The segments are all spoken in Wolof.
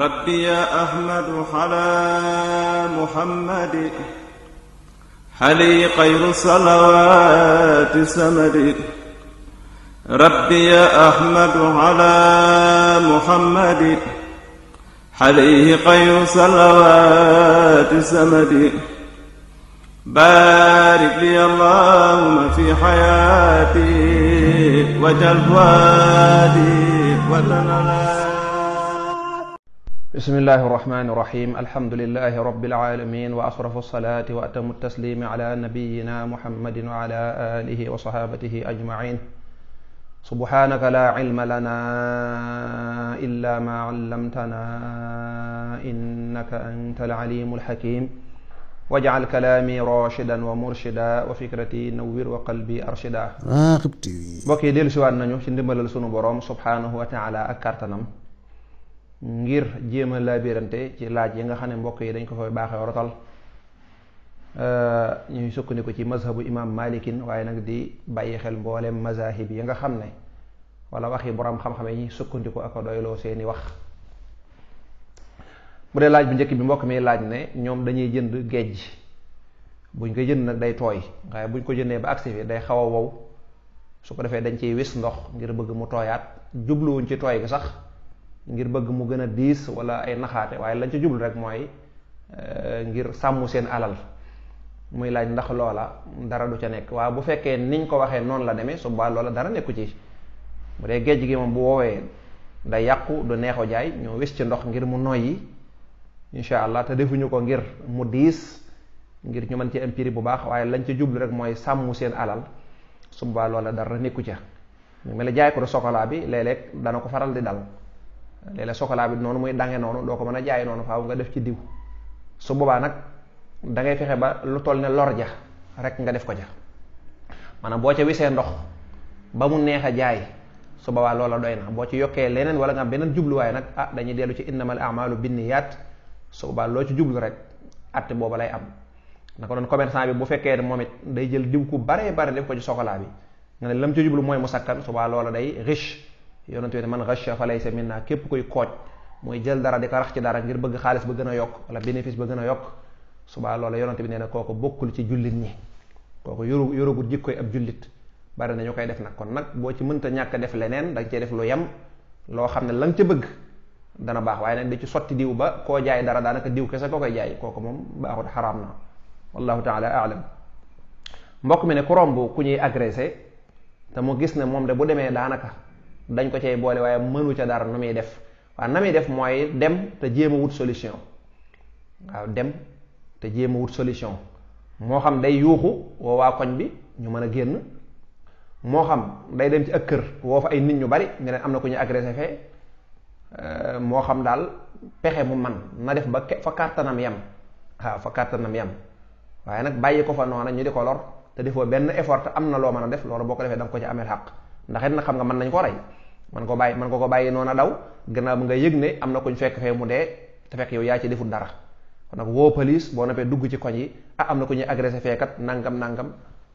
rabbi yaa ahmadu xalaa muhammadi xali xayru salawaati samadi rabbi yaa ahmadu xalaa muhammadi xali xayru salawaati samadi baarik li allahumma fi xayaati wajal waadi wa tanala bismillahi irrahmani irrahim alhamdulilahi rabilalamin wa ashrafu alsalati wa atamu taslimi ala nabiyina muhammadin wa ala alihi wa sahabatihi ajmain subhanaka la ilma lana illa ma allamtana innaka anta alalimu alhakim wajal kalaami rashidan wa murshida wa fikrati nawwir wa qalbi arshida ah, mbokk yi dellu siwaat nañu ci ndimbalal sunu boroom subhanahu wa taala ak kartanam ngir jéem a laabirante ci laaj yi nga xam ne mbokk yi dañ ko fay baaxee rotal euh, ñuy sukkandiku ci mazhabu imam malikin waaye nag di bàyyi xel mbooleem mazahib yi nga xam ne wala waxi borom xam-xam yi sukkandiku ak a doyloo seeni wax bu laaj bu njëkk bi mbokk mi laaj ne ñoom dañuy jënd géej buñ ko jënd nag day tooy waaye buñ ko jëndee ba agsi day xaw a wow su ko defee dañ ciy wis ndox ngir bëgg mu tooyaat jubluwuñ ci tooy gi sax ngir bëgg mu gën a diis wala ay naxaate waaye lañ ca jublu rek mooy eh, ngir sàmm seen alal muy laaj ndax loola dara du ca nekk waaw bu fekkee niñ ko waxee noonu la demee su ba loola dara nekku ci bu dee géej moom bu woowee da yàqu du neexo jaay ñoo wis ci ndox ngir mu noyyi insha allah te defuñu ko ngir mu diis ngir ñu ci am bu baax waaye lañ ci jublu rek mooy seen alal su ba dara nekku ca mu mel jaay ko du sokolaa bi léeg dana ko faral di dal léeg-léeg chocolat bi noonu muy dange noonu doo ko mën a jaay noonu faaw nga def ci diw su boobaa nag da ngay fexe ba lu toll ne lor ja rek nga def ko ja maanaam boo ca wisee ndox ba mu neex a jaay su boobaa loola doy na boo ci yokkee leneen wala nga am beneen jubluwaay nag ah dañuy dellu ci innamal amalu binniyaat su boobaa loo ci jublu rek at lay am naka noonu commerçant bi bu fekkee moom it day jël diw ku baree bare def ko ci chocolat bi nga ne lam ci jublu mooy mu sakkan su boobaa loola day riche yonent bi ne man ghasha fa laysa minna képp kuy kooj mooy jël dara di ko rax ci dara ngir bëgg xaalis ba gën a yokk wala bénéfice ba gën a yokk subaa loola yonent bi nee na kooku bokkul ci jullit ñi kooku yoru yorugul jikkoy ab jullit bari na ñu koy def nag kon nag boo ci mënta ñàkk def leneen danga cee def lu yem loo xam ne la nga ca bëgg dana baax waaye neen di ci sotti diw ba koo jaay dara daanaka diw kese ko koy jaay kooku moom baaxut xaraam na wallahu taala aalam mbokk mi ne ku romb ku ñuy agressé te mu gis ne moom de bu demee daanaka dañ ko cay boole waaye mënu ca dara nu muy def waaw na muy def mooy dem te jéema wut solution waaw dem te jéema wut solution moo xam day yuuxu woo waa koñ bi ñu mën a génn moo xam day dem ci ak kër woo fa ay nit ñu bari ñu leen am na ku ñu agressé fee euh, moo xam daal pexe mu man na def ba fa kàttanam yem waaw fa kàttanam yem waaye nag bàyyi ko fa noona ñu di ko lor te defoo benn effort am na loo mën a def loolu boo ko defee da ko ci amee xàq ndax it na xam nga mën nañ ko rey man ko bàyyi man ko ko bàyyi noona daw gannaaw bi nga yëg ne am na ko ñu fekk fee mu dee te fekk yow yaa ci deful dara kon nag woo police boo noppee dugg ci koñ yi ah, am na ku ñuy agressé feekat nangam nangam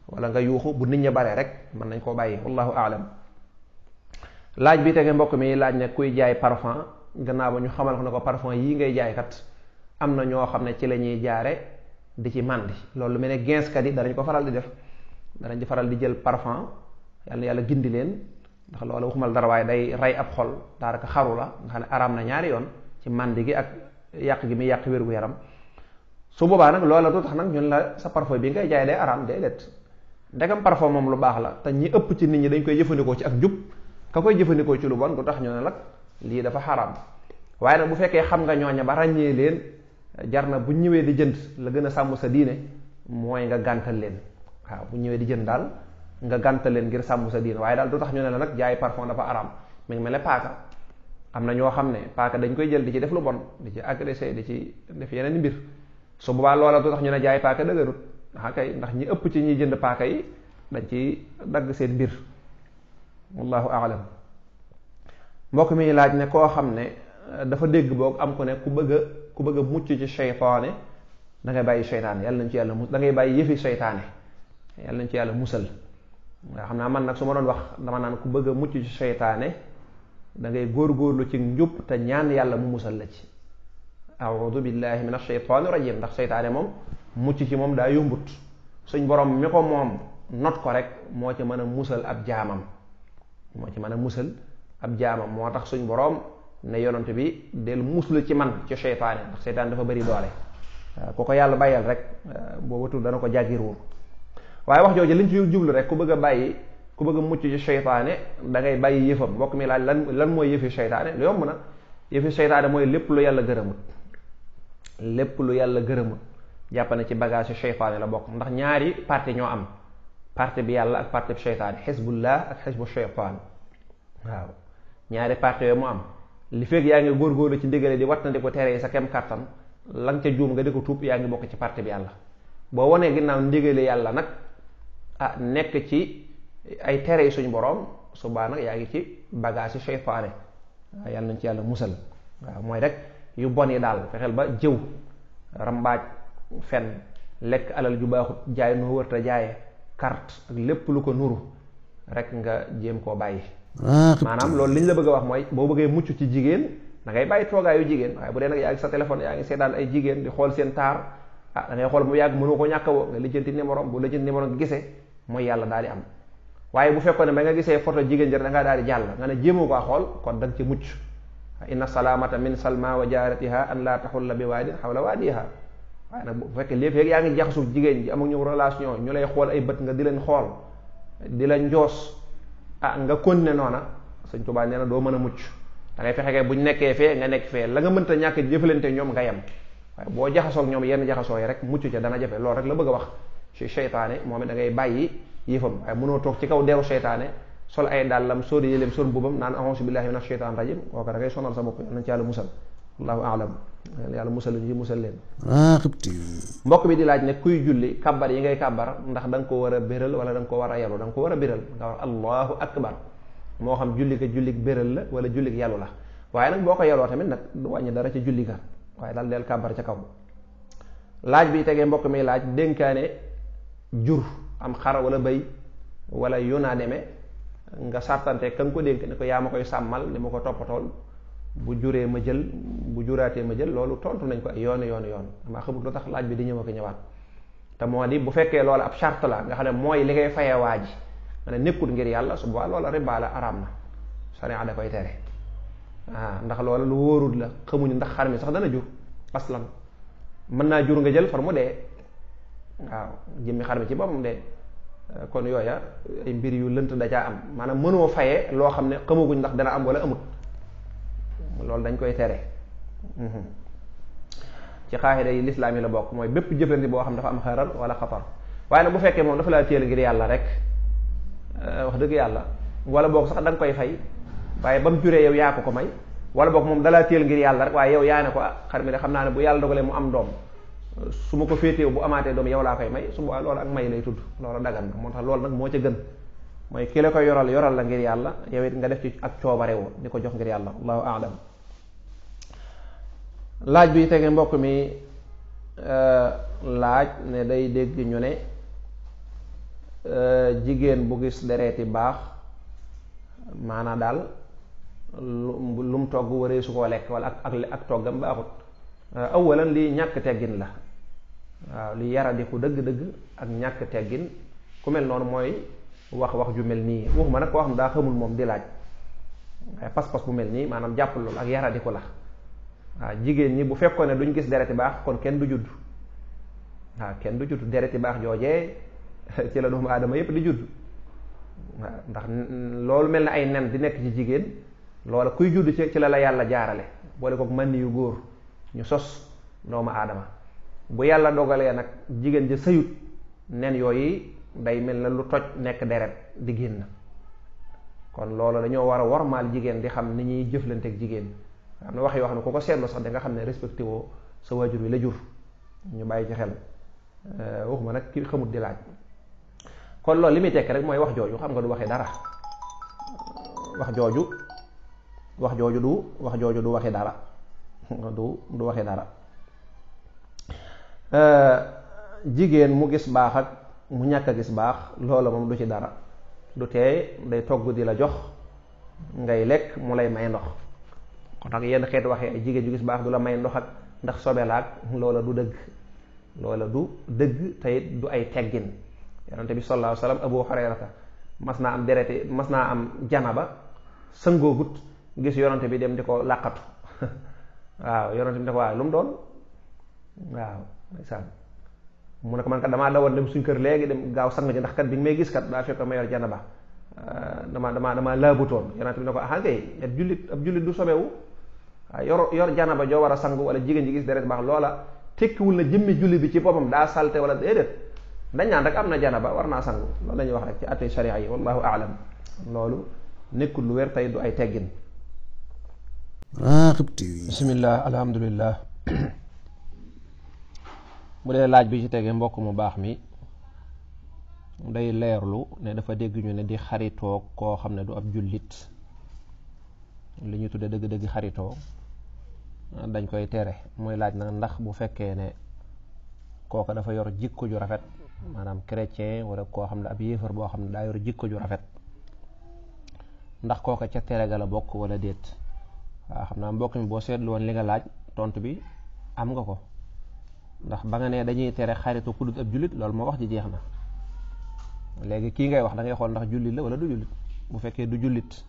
wala nga yuuxu bu nit ña baree rek mën nañ koo bàyyi wallahu aalam laaj bi tege mbokk mi laaj ne kuy jaay parfum gannaaw ba ñu xamal ko ne ko parfum yii ngay jaay kat am na ñoo xam ne ci la ñuy jaare di ci màndi loolu lu mel ne ginskat yi danañ ko faral di def danañ di faral di jël parfum yàlla yàlla gindi leen ndax loola waxumal dara waaye day rey ab xol daanaka xaru la nga xam ne araam na ñaari yoon ci màndi gi ak yàq gi muy yàq wér-gu-yaram su boobaa nag loola du tax nag ñun la sa parfum bi ngay jaay day araam day let ndegam parfum moom lu baax la te ñi ëpp ci nit ñi dañ koy jëfandikoo ci ak njub ka koy jëfandikoo ci lu bon du tax ñu ne nag lii dafa xaraam waaye nag bu fekkee xam nga ñooña ba ràññee leen jar na bu ñëwee di jënd la gën a sàmm sa diine mooy nga gàntal leen waaw bu ñëwee di jënd daal nga gàntal leen ngir sàmm sa diin waaye daal du tax ñu ne la nag jaay parfum dafa araam mi ngi mel ne paaka am na ñoo xam ne paaka dañ koy jël di ci def lu bon di ci agressé di ci def yeneen mbir su boobaa loola du tax ñu ne jaay paaka dëgërut ndax ah, kay ndax ñi ëpp ci ñi jënd paaka yi dañ ci dagg seen mbir wallahu aalam mbokk mi laaj ne koo xam ne eh, dafa dégg boog am ku ne ku bëgg ku bëgg a mucc ci seytaane da ngay bàyyi seytaane yàlla nañ ci yàlla mus da bàyyi yëfi seytaane yàlla nañ ci yàlla musal nga xam naa man nag su ma doon wax dama naan ku bëgg a mucc ci seytaane da ngay góor-góorlu ci njub te ñaan yàlla mu musal la ci audu billahi min asheytaani rajim ndax seytaane moom mucc ci moom daa yombut suñ borom mi ko moom not ko rek moo ci mën a musal ab jaamam moo ci mën a musal ab moo tax suñ borom ne yonent bi del muslu ci man ci seytaane ndax seytaane dafa bari doole ku ko yàlla bàyyal rek boo watul dana ko jàggiruur waaye wax jooju liñ ci jublu rek ku bëgg a bàyyi ku bëgg a mucc ci seytaane da ngay bàyyi yëfam mbokk mi laaj lan lan mooy yëfi seytaane lu yomb na yëfi seytaane mooy lépp lu yàlla gërëmut lépp lu yàlla gërëmut jàpp na ci bagage seytaane la bokk ndax ñaari parti ñoo am parti bi yàlla ak parti bi seytaane xisbullah ak xisbu seytaan waaw ñaari parti yooyu mu am li fekk yaa ngi góorgóorlu ci ndigale di wat na di ko tere yi sa kem kattan la nga ca ko tuub yaa ngi bokk ci parti bi yàlla nag ah nekk ci ay tere yu suñu boroom subaa nag yaa ngi ci bagage yi seytaane waaw yàlla nañ ci yàlla musal waaw mooy rek yu bon yi daal fexeel ba jëw rambaaj fen lekk alal ju baaxut jaay noo wërta jaaye carte ak lépp lu ko nuru rek nga jéem koo bàyyi ah, maanaam loolu li la bëgg a wax mooy boo bëggee mucc ci jigéen da ngay bàyyi toogaayu jigéen waaye bu dee nag yaa ngi sa téléphone yaa ngi seetaan ay jigéen di xool seen taar ah da xool mu yàgg mënu ko ñàkk woo nga lijjanti numéro bu lijjanti numéro nga gisee mooy yàlla daal di am waaye bu fekkoon ne ba nga gisee photo jigéen jër da ngaa daal di jàll nga ne jéemoo ko xool kon da nga ci mucc inna salaamata min salma wa jaaratiha an laa taxulla bi waa xawla waadiha waaye nag bu fekkee lépp rek yaa ngi jaxasu jigéen ji am ak ñu lay xool ay bët nga di leen xool di la njoos a ah, nga kon continuer noona sëñ Tuubaa nee na doo mën a mucc da ngay fexe kay buñ nekkee fee nga nekk fee la nga mënta ñàkk jëfalante ñoom nga yem waaye boo jaxasoo ñoom yenn jaxasoo yi rek mucc ca dana jafe loolu rek la bëgg a wax ci seytaane moom it da ngay bàyyi yëfam waaye mënoo toog ci kaw deru seytaane sol ay dàllam sol yëleem sol mbubam naan auzu billahi mina sheytaan rajim sa bopp nañ ci yàlla musal mbokk bi di laaj ne kuy julli kabbar yi ngay kabbar ndax da nga ko war a béral wala da ko war a yalu da ko war a béral nga wax allahu akbar moo xam julli ka jullik béral la wala jullik yalu la waaye nag boo ko yaloo tamit nag du wàññi dara ci julli ka waaye daal deel kabbar ca kaw laaj jur am xar wala bay wala naa deme nga sartante ka ko dénk ne ko yaa ma koy sàmmal li ma ko toppatool bu juree ma jël bu juraatee ma jël loolu tontu nañ ko ay yoon yoon yoon damaa xamul lu tax laaj bi di ñëw ak ñëwaat te moo di bu fekkee loolu ab charte la nga xam ne mooy li ngay fayee waa ji nga ne nekkul ngir yàlla su boobaa loola riba la araam na sariya da koy tere ah ndax loola lu wóorul la xamuñu ndax xar mi sax dana jur aslan mën naa jur nga jël far mu dee waaw jëmmi xar mi ci boppam de kon yooya ay mbir yu lënt da caa am maanaam mënoo fayee loo xam ne xamaguñ ndax dana am wala amut loolu dañ koy tere mhm. ci xaaxida yi lislaam yi la bokk mooy bépp jëflandi boo xam dafa am xaral wala xatar waaye nag bu fekkee moom dafa laa téel ngir yàlla rek euh, wax dëgg yàlla wala boog sax da koy fay waaye ba mu juree yow yaa ko may wala boog moom dalaa téel ngir yàlla rek waaye yow yaa ne ko ah xar mi de xam naa ne bu yàlla dogalee mu am doom su ma ko féetee bu amaatee doom yow laa koy may su ma ak may lay tudd loolu dagan na moo tax loolu nag moo ca gën mooy kii la ko yoral yoral la ngir yàlla yow nga def ci ak coobare woo di ko jox ngir yàlla allahu aalam laaj bi tege mbokk mi euh, laaj ne day dégg ñu ne euh, jigéen bu gis dereeti baax maanaa daal lu mu togg waree su koo lekk wala ak ak toggam baaxut euh, awalan lii ñàkk teggin la waaw lu yaradiku dëgg-dëgg ak ñàkk teggin ku mel noonu mooy wax wax ju mel nii waxuma nag koo xam daa xamul moom di laaj waaye pas-pas bu mel nii maanaam jàpp loolu ak yaradiku la waaw jigéen ñi bu fekkoon ne du duñ gis dereti baax kon kenn du judd waaw kenn du judd dereti baax joojee ci la doomu aadama yépp di judd waaw ndax loolu mel na ay nen di nekk ci jigéen loola kuy judd ci ci la la yàlla jaarale boole kook màndi yu góor ñu sos doomu aadama bu yàlla dogalee nag jigéen ja sëyut nen yooyu day mel na lu toj nekk deret di génn kon loolu dañoo war a wormaal jigéen di xam ni ñuy jëflanteeg jigéen xam na wax yoo xam ne ku ko seetlu sax da nga xam ne respecté woo sa waajur wi la jur ñu bàyyi ci xel euh, waxuma nag ki xamut di laaj kon loolu li muy tekk rek mooy wax jooju xam nga du waxee dara wax jooju wax jooju du wax jooju du waxee dara du du waxee dara Euh, jigéen mu gis baax ak mu ñàkk a gis baax loola moom du ci dara du teey day togg di la jox ngay lekk mu lay may ndox kon ak yenn xeet waxee jigéen ju gis baax du la may ndox ak ndax sobe laa ak loola du dëgg loola du dëgg tey du ay teggin yonente bi sallallahu alayhi wasallam abu hurayrata mas naa am dereti mas naa am janaba sëngoogut gis yonente bi dem di ko làqatu waaw yonente bi ne waaye lu mu doon waaw ndeysaan mu ne ko man kat damaa dawoon dem suñ kër léegi dem gaaw sang ji ndax kat bi nga may gis kat daa fekk ma yor janaba euh, damaa damaa damaa laabutoon yonent bi ne ko ah kay ab du sobewu waaw yor yor janaba joo war a sangu wala jigéen ji gis deret baax loola tekkiwul na jëmmi julli bi ci boppam daa salte wala déedéet naan rek am na janaba war naa sangu loolu lañuy wax rek ci àtte sharia yi wallahu aalam loolu nekkul lu wér tey du ay teggin bismillah alhamdulillah bu dee laaj bi ci tegee mbokk mu baax mi day leerlu ne dafa dégg ñu ne di xaritoo koo xam ne du ab jullit li ñu tudde dëgg-dëgg xaritoo dañ koy tere muy laaj nag ndax bu fekkee ne kooka dafa yor jikko ju rafet maanaam chrétien wala koo xam ne ab yéefar boo xam ne daa yor jikko ju rafet ndax kooka ca tere ga la bokk wala déet waaw xam naa mbokk mi boo seetlu woon li nga laaj tontu bi am nga ko ndax ba nga ne dañuy tere xaritu ku ab jullit loolu moo wax ji jeex na léegi kii ngay wax da ngay xool ndax jullit la wala du jullit bu fekkee du jullit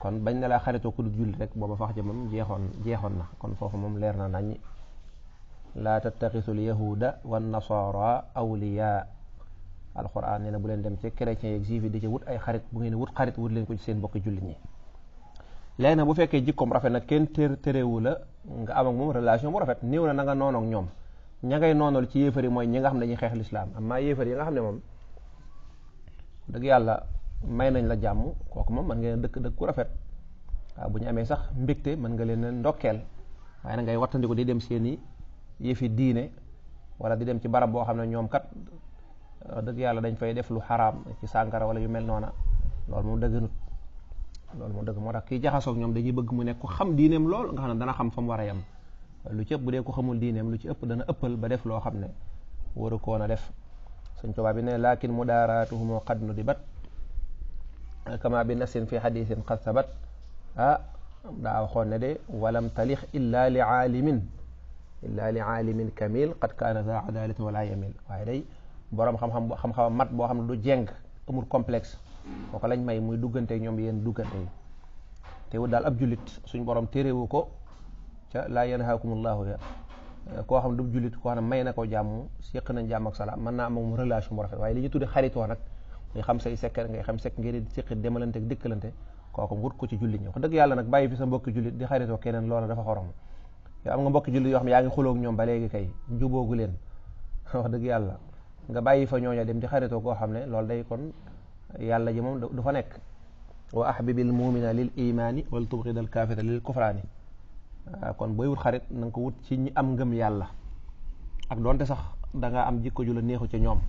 kon bañ ne laa xaritoo ku dul jullit rek booba fax ji moom jeexoon jeexoon na kon foofu moom leer na nañ laa tattaxisul yahuda wan nasara awliya alquran nee na bu leen dem ci chrétiens yeeg juif yi di ci wut ay xarit bu ngeen wut xarit wut leen ko ci seen bokki jullit ñi léegi na bu fekkee jikkoom rafet na kenn ter téréwu la nga am moom relation bu rafet néew na na nga noonoog ñoom ña ngay noonal ci yéefar yi mooy ñi nga xam ne dañuy xeex lislaam amma yéefar yi nga xam ne moom dëgg yàlla may nañ la jàmm kooku moom mën nga leen dëkk dëgg ku rafet waaw bu ñu amee sax mbégte mën nga leen ndokkeel waaye na ngay wattandiku di dem seeni yëfi diine wala di dem ci barab boo xam ne ñoom kat euh, dëgg yàlla dañ fay def lu xaraam ci sàngara wala yu mel noona loolu dëgg dëgganut loolu moom dëgg moo tax kiy jaxasoog ñoom dañuy bëgg mu nekk ku xam diineem lool nga xam ne dana xam fa mu war a yem lu ci ëpp bu ko xamul diineem lu ci ëpp dana ëppal ba def loo xam ne waru koon a def suñ tubaab bi ne laakin mudaaraatuhumoo qad nudibat kama bi nafsin fi xadisin qad sabat ah daa waxoon ne de walam talix illa li aalimin illa li aalimin kamil qad kaana za adalatin wala yamil waaye day borom xam-xam xam mat boo xam ne du jeng amul complexe kooku lañ may muy duggante ñoom yéen duggante yi te wut daal ab jullit suñ borom téerewu ko ca laa yanhaakum allahu ya koo xam du jullit koo xam ne may na ko jàmm séq nañ jàmm ak salaam mën naa am moom relation bu rafet waaye li ñu tudde xaritoo nag ngay xam say sekk ngay xam sekk ngeen di séqi demalante ak dëkkalante ko ci jullit ñi wax dëgg nag bàyyi fi sa mbokki jullit di xaritoo keneen loola dafa xorom am nga mbokki jullit yoo xam ne yaa ngi xuloo ak ba léegi kay juboogu leen wax dëgg yàlla nga bàyyi fa ñooña dem di xaritoo koo xam ne loolu day kon yàlla ji moom du fa nekk wa ahbibil mumina lil imani wal tubghidal kafira lil kufraani Euh, kon booy wut xarit na ko wut ci ñi am ngëm yàlla ak doonte sax da nga am jikko ju la neexu ca ñoom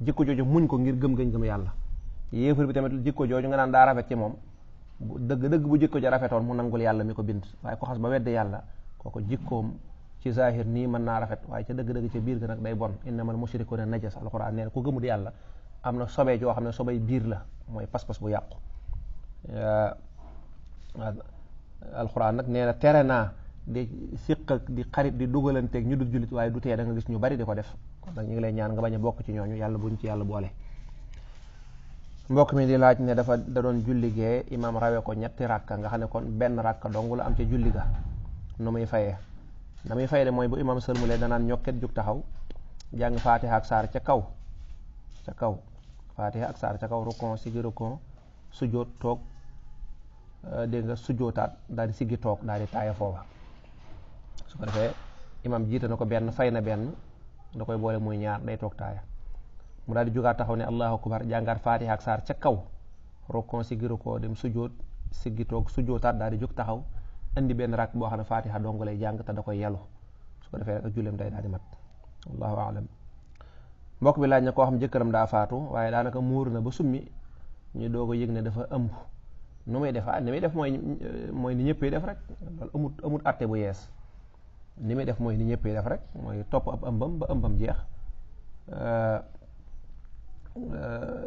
jikko jooju muñ ko ngir gëm gañ gëm yàlla yéefar bi tamit jikko jooju nga naan daa rafet ci moom dëgg dëgg bu jikko ja rafetoon mu nangul yàlla mi ko bind waaye ko xas ba wedde yàlla kooku jikkoom ci zahir nii mën naa rafet waaye ca dëgg-dëgg ca biir ga nag day bon innamal mushrikuuna najas alquran nee na ku gëmul yàlla am na sobe joo xam ne biir la mooy pas-pas bu yàqu euh, alxuraan nag nee na tere naa di siq di xarit di dugalanteeg ñu dul jullit waaye du tee da gis ñu bari di ko def kon nag ñu ngi lay ñaan nga bañ bokk ci ñooñu yàlla buñ ci yàlla boole. mbokk mi di laaj ne dafa da doon julligee imaam rawe ko ñetti rakka nga xam ne kon benn rakka dong la am ca julli ga nu muy fayee na muy fayee mooy bu imaam sëlmulee danaan ñokket jug taxaw jàng faatiha ak saar ca kaw ca kaw faatiha ak saar ca kaw rukon sigi rukon Euh, dégg nga sujjootaat daal di siggi toog daa di taaya foofa su ko defee imam jiite na ko benn fay na benn da koy boole muy ñaar day toog taaya mu daal di jugaat taxaw ne allahu akbar jàngaat faatiha ak saar ca kaw rokkon siggi rukkoo dem sujjoot siggi toog sujjootaat daal di jóg taxaw indi benn rakk boo xam ne faatiha dong lay jàng te da koy yelu su ko defee ak julleem day daal di mat allahu alam mbokk bi laaj na koo xam jëkkëram daa faatu waaye daanaka muur na ba summi ñu doog a dafa ëmb nu may def ah ni may def mooy mooy ni ñëppay def rek loolu amut bu yees ni muy def mooy ni ñëppay def rek mooy topp ab ëmbam ba ëmbam jeex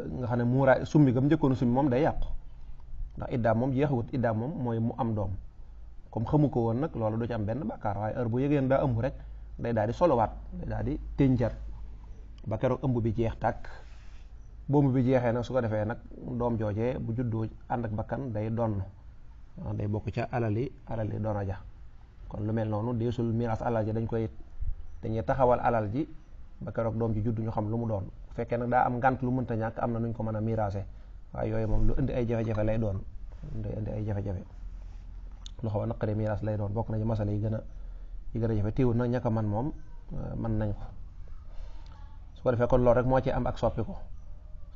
nga xam ne muuraay summi gam njëkkoon summi moom day yàqu ndax iddaam moom jeexawut iddaam moom mooy mu am doom comme xamu ko woon nag loolu du ci benn bàkkaar waaye heure bu yëgeen daa ëmb rek day daal di solowaat daal di tënjar ba ëmb bi jeex tàkk boobu bi jeexee nag su ko defee nag doom jooje bu juddoo ànd ak bakkan day donn ah, day bokk ca alali alali doona ja kon lu mel noonu deesul miraas alal ji dañ koy dañuy taxawal alal ji ba keroog doom ji juddu ñu xam lu mu doon bu fekkee nag daa am ngant lu mënta ñàkk am na nuñ ko mën a miraase waaye yooyu moom lu indi ay jafe-jafe lay doon day indi ay jafe-jafe lu xaw a naqari miraas lay doon bokk nañu ci masala yi gën a yi gën a jafe téewul nag ñàkk man moom ah, mën nañ ko su ko defee loolu rek moo ci am ak soppi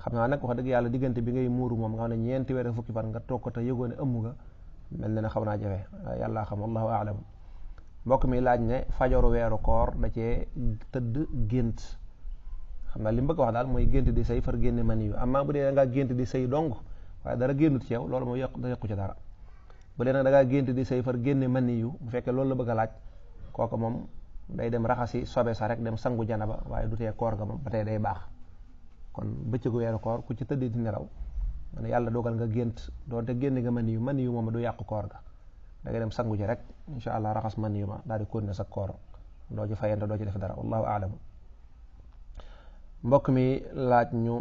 xam naa nag wax dëgg yàlla diggante bi ngay muuru moom nga xam ne ñeenti weer fukki fan nga toog ko te yëgoo ne ëmm ga mel na ne xaw naa jafe yàlla xam allahu aalam mbokk mi laaj ne fajoru weeru koor da cee tëdd gént xam naa li mu bëgg wax daal mooy gént di sëy far génne mani yu amma bu dee ngaa gént di sëy dong waaye dara génnut loolu mooy yàqu yàqu ci dara bu dee nag da di sëy far génne mani yu bu fekkee loolu la bëgg laaj kooku moom day dem raxasi sobe sa rek dem sangu janaba waaye du tee koor ga moom ba tey day baax kon bëccëgu weeru koor ku ci tëddee di nelaw man yàlla dogal nga gént doonte génn nga mën yu mën yu moom du yàqu koor ga da dem sangu ji rek incha allah raxas mën yu ma daal di continuer sa koor doo ci fayante doo ci dara wallahu alam mbokk mi laaj ñu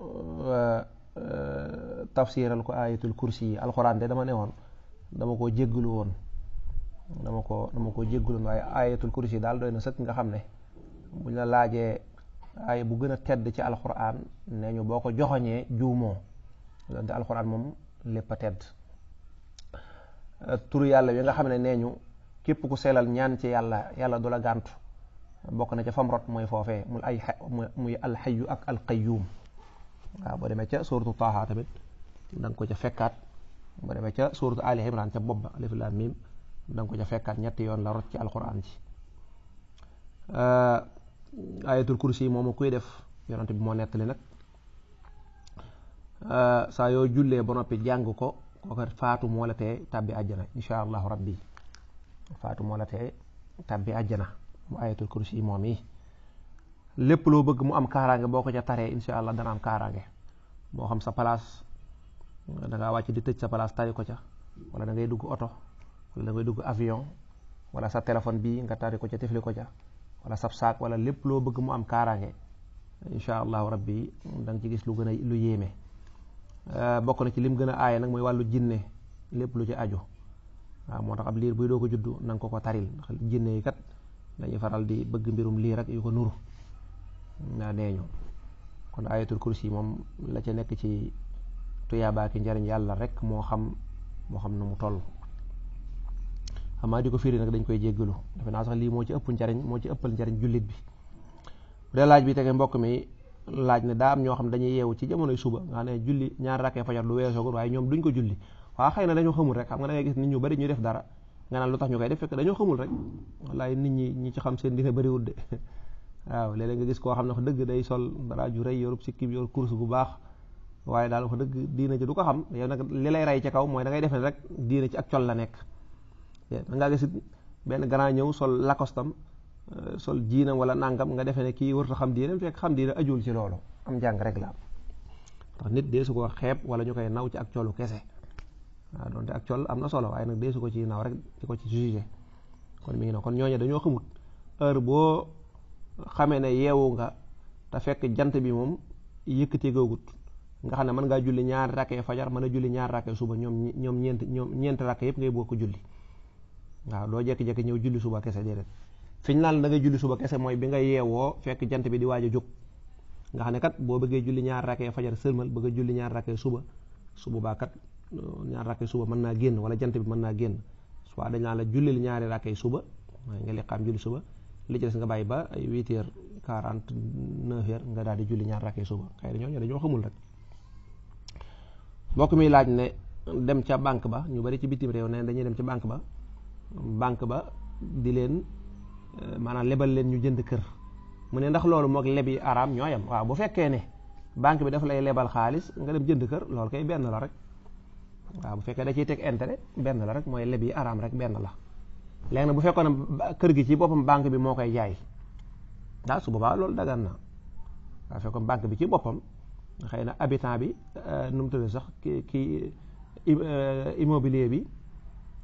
euh, tafsiral ko ayatul kursi yi alxuraan dama ne woon dama ko jéggulu dama ko dama ko jéggulu woon waaye ayatul kursi yi daal doy na sëkk nga xam ne buñ la laajee ay bu gën a tedd ci alxuraan nee ñu boo ko joxoñee juumoo donte alxuraan moom lépp a tedd turu yàlla yi nga xam ne nee ñu képp ku selal ñaan ci yàlla yàlla du la gàntu bokk na ca fam rot mooy foofee mu ay muy alxayu ak alqayuum waaw boo demee ca suuratu taaha tamit da nga ko ca fekkaat boo demee ca suuratu ali imran ca bopp ba alif laam miim da ko ca fekkaat ñetti yoon la rot ci alxuraan ci ayatul kursi yi moom kuy def yonante bi moo nettali nag ah, saa yoo jullee ba noppi jàng ko kooka faatu moo la tee tàbbi àjjana insha allahu rabbi faatu moo la tee tàbbi àjjana mu ayatul kursi yi moom yi lépp loo bëgg mu am kaaraange boo ko ca taree insha allah dana am kaaraange moo xam sa palaas da wàcc di tëj sa place tari ko ca wala da ngay dugg oto wala da ngay dugg avion wala sa téléphone bii nga tari ko ca tefli ko ca wala sab saak wala lépp loo bëgg mu am kaaraange incha allahu rabbi da nga ci gis lu gën a lu yéeme euh, bokk na ci lim gën a aye nag mooy wàllu jinne lépp lu ci aju waaw moo tax ab liir buy doo ko juddu na ko ko taril ndax jinne yi kat dañuy faral di bëgg mbirum liir ak yu ko nuru naa nee ñu kon ayatul kursi moom la ca nekk ci tuyaabaaki njariñ yàlla rek moo xam moo xam nu mu toll amaa di ko firi nag dañ koy jéggalu defe naa sax lii moo ci ëpp njariñ moo ci ëppal njariñ jullit bi bu dee laaj bi tege mbokk mi laaj ne daa am ñoo xam dañuy yeewu ci jamonoy suba nga ne julli ñaar rakkee fajar du ko waaye ñoom duñ ko julli waaw xëy na dañoo xamul rek xam nga da ngay gis nit ñu bari ñu def dara nga naan lu ñu koy def fekk dañoo xamul rek wallaay nit ñi ñi ci xam seen dina bariwul de waaw nga gis koo xam ne wax dëgg day sol dara ju rëy yorub sikkim yor course bu baax waaye daal wax dëgg diina ji du ko xam yow nag li lay rey ci kaw mooy da ngay def ne rek diina ci ak la nekk da ngaa gis benn grand ñëw sol lakostam euh, sol jiinam wala nangam nga defee ne kii warut a xam diine fekk xam diine ajuul ci loolu am njàng rek la ndax nit dee su ko xeeb wala ñu koy naw ci ak colu kese waaw donte ak col am na solo waaye nag dee ko ci naw rek di ko ci jugé kon mi ngi ne kon ñooñu dañoo xamut heure boo xamee ne yeewu nga te fekk jant bi moom yëkkatee googut nga xam ne man ngaa julli ñaari rakkee fajar mën a julli ñaari rakkee suba ñoom ñoom ñeent ñoom ñeenti rakkee yëpp ngay bokk ko waaw doo jekki-jekki ñëw julli suba kese déedéet fiñ naan da ngay julli suba kese mooy bi nga yeewoo fekk jant bi di waaj a jóg nga xam ne kat boo bëggee julli ñaar rakkee fajar sërmal bëgg julli ñaar rakkee suba su boobaa kat euh, ñaar rakkee suba mën naa génn wala jant bi mën naa génn soit dañ naan la jullil ñaari rakkee suba waaye nga liqaam julli suba li ci des nga bàyyi ba ay huit heures quarante neuf nga daal di julli ñaar rakkee suba xëy dañoo ñooñu dañoo xamul rek mbokk mi laaj ne dem banque ba ñu bari ci bitim réew ne dañuy dem ca banque ba banque ba di leen euh, maanaam lebal leen ñu jënd kër mu ne ndax loolu moog lebi araam ñoo waa bu fekkee ne banque bi def lay lebal xaalis nga dem jënd kër loolu kay benn la rek waaw bu fekkee da ciy teg intérêt benn la rek mooy lebi araam rek benn la léegi nag bu fekkoon kër gi ci boppam banque bi moo koy jaay daa su boobaa loolu dagan na waaw fekkoon banque bi ci boppam xëy na habitant bi euh, nu mu tudd sax ki ki euh, immobilier bi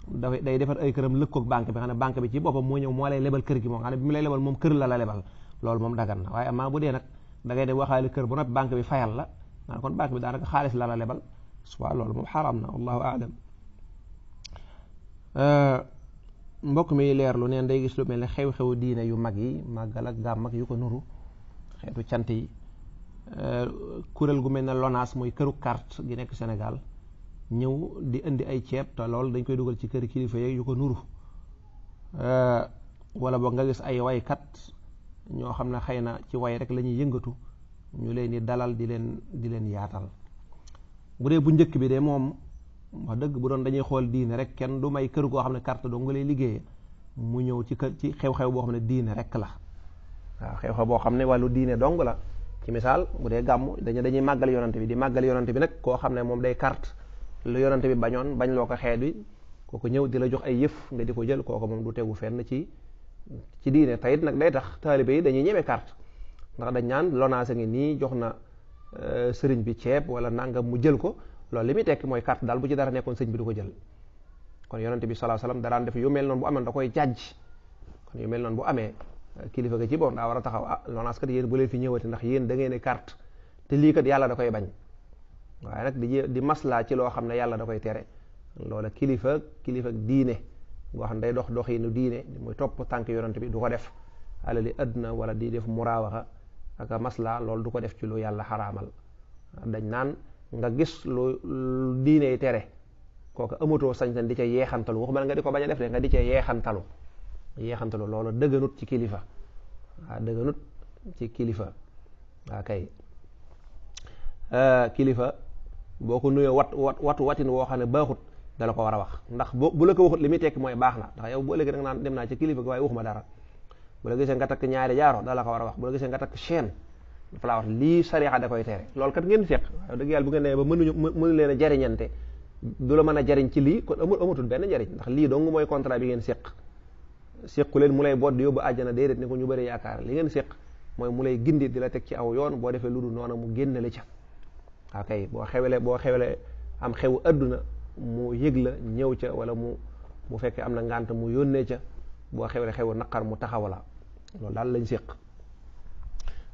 dafay day defar ay këram lëkkoog banque bi xam ne banque bi ci boppam moo ñëw moo lay lebal kër gi moom xam ne bi mu lay lebal moom kër la la lebal loolu moom dagan na waaye amaa bu dee nag da ngay waxaale kër bu noppi banque bi fayal la naan kon banque bi daanaka xaalis la la lebal subaa loolu moom xaram na wallahu aalam euh, mbokk mi leer lu neen day gis lu mel ne xew-xewu diine yu mag yi màggal ak gàmm mag yu ko nuru xeetu cant yi euh, kuréel gu mel ne LONASE muy këru carte gi nekk Sénégal ñëw di indi ay ceeb te loolu dañ koy dugal ci kër kilifa yeeg yu ko nuru eh, wala boog nga gis ay waykat ñoo xam ne xëy na ci way rek la ñuy yëngatu ñu leen di dalal di leen di leen yaatal bu dee bu njëkk bi de moom wax dëgg bu doon dañuy xool diine rek kenn du may kër goo xam ne carte dong nga lay liggéeyee mu ñëw ci kër ci xew-xew boo xam ne diine rek la waaw xew-xew boo xam ne wàllu diine dong la ci misaal bu dee gàmmu dañu dañuy màggal yonante bi di màggal yonante bi nag koo xam ne moom day carte lu yonante bi bañoon bañ loo ko xeet wi kooku ñëw di la jox ay yëf nga di ko jël kooku moom du tegu fenn ci ci diine tayit nag day tax taalibe yi dañuy ñeme carte ndax dañ naan lonaase ngi nii jox na euh, sëriñ bi ceeb wala nangam mu jël ko loolu li muy tekki mooy carte daal bu ci dara nekkoon sëñ bi du ko jël kon yonante bi sallallahu alayhi wasallam daraan def yu mel noonu bu amoon da koy jàjj kon yu mel noonu bu amee euh, kilifa ga ci boom daa war a taxaw ah lonaas kat bu leen fi ñëwati ndax yéen da ngeen ne carte te lii yàlla da koy bañ waaye nag di di maslaa ci loo xam ne yàlla da koy tere loola kilifa kilifa diine goo xam day dox dox yi nu diine muy tànk yonent bi du ko def alali wala di def muraawaxa ak maslaa loolu du ko def ci lu yàlla xaraamal dañ naan nga gis lu kooku amatoo sañ-sañ di ca yeexantalu nga di ko bañ a def de nga di ca yeexantalu yeexantalu loolu dëgganut ci kilifa waa ci kilifa waa kay euh, kilifa boo ko nuyoo wat wat watu watin woo xam ne baaxut dala ko war a wax ndax bu la ko waxut li muy tekki mooy baax na ndax yow bu ëllëgee da nga naan dem naa ci kilifa gi waaye waxuma dara bu la gisee nga takk ñaari jaaro dala ko war a wax bu la gisee nga takk chaîne dafa laa wax lii sariixa da koy tere loolu kat ngeen seq waaw dëgg yàlla bu ngeen nee ba mënuñu mënu leen a jariñante la mën a jariñ ci lii kon amul amatul benn jariñ ndax lii dong mooy contrat bi ngeen seq sequ leen mu lay boot di yóbbu àjjana déedéet ni ko ñu bëri yaakaar li ngeen seq mooy mu lay gindi di la teg ci aw yoon boo defee lu dul noonu mu génn la waa kay boo xewelee boo xewelee am xewu adduna mu yëg la ñëw ca wala mu mu fekkee am na ngànt mu yónnee ca boo xewelee xew naqar mu taxaw la loolu daal lañ séq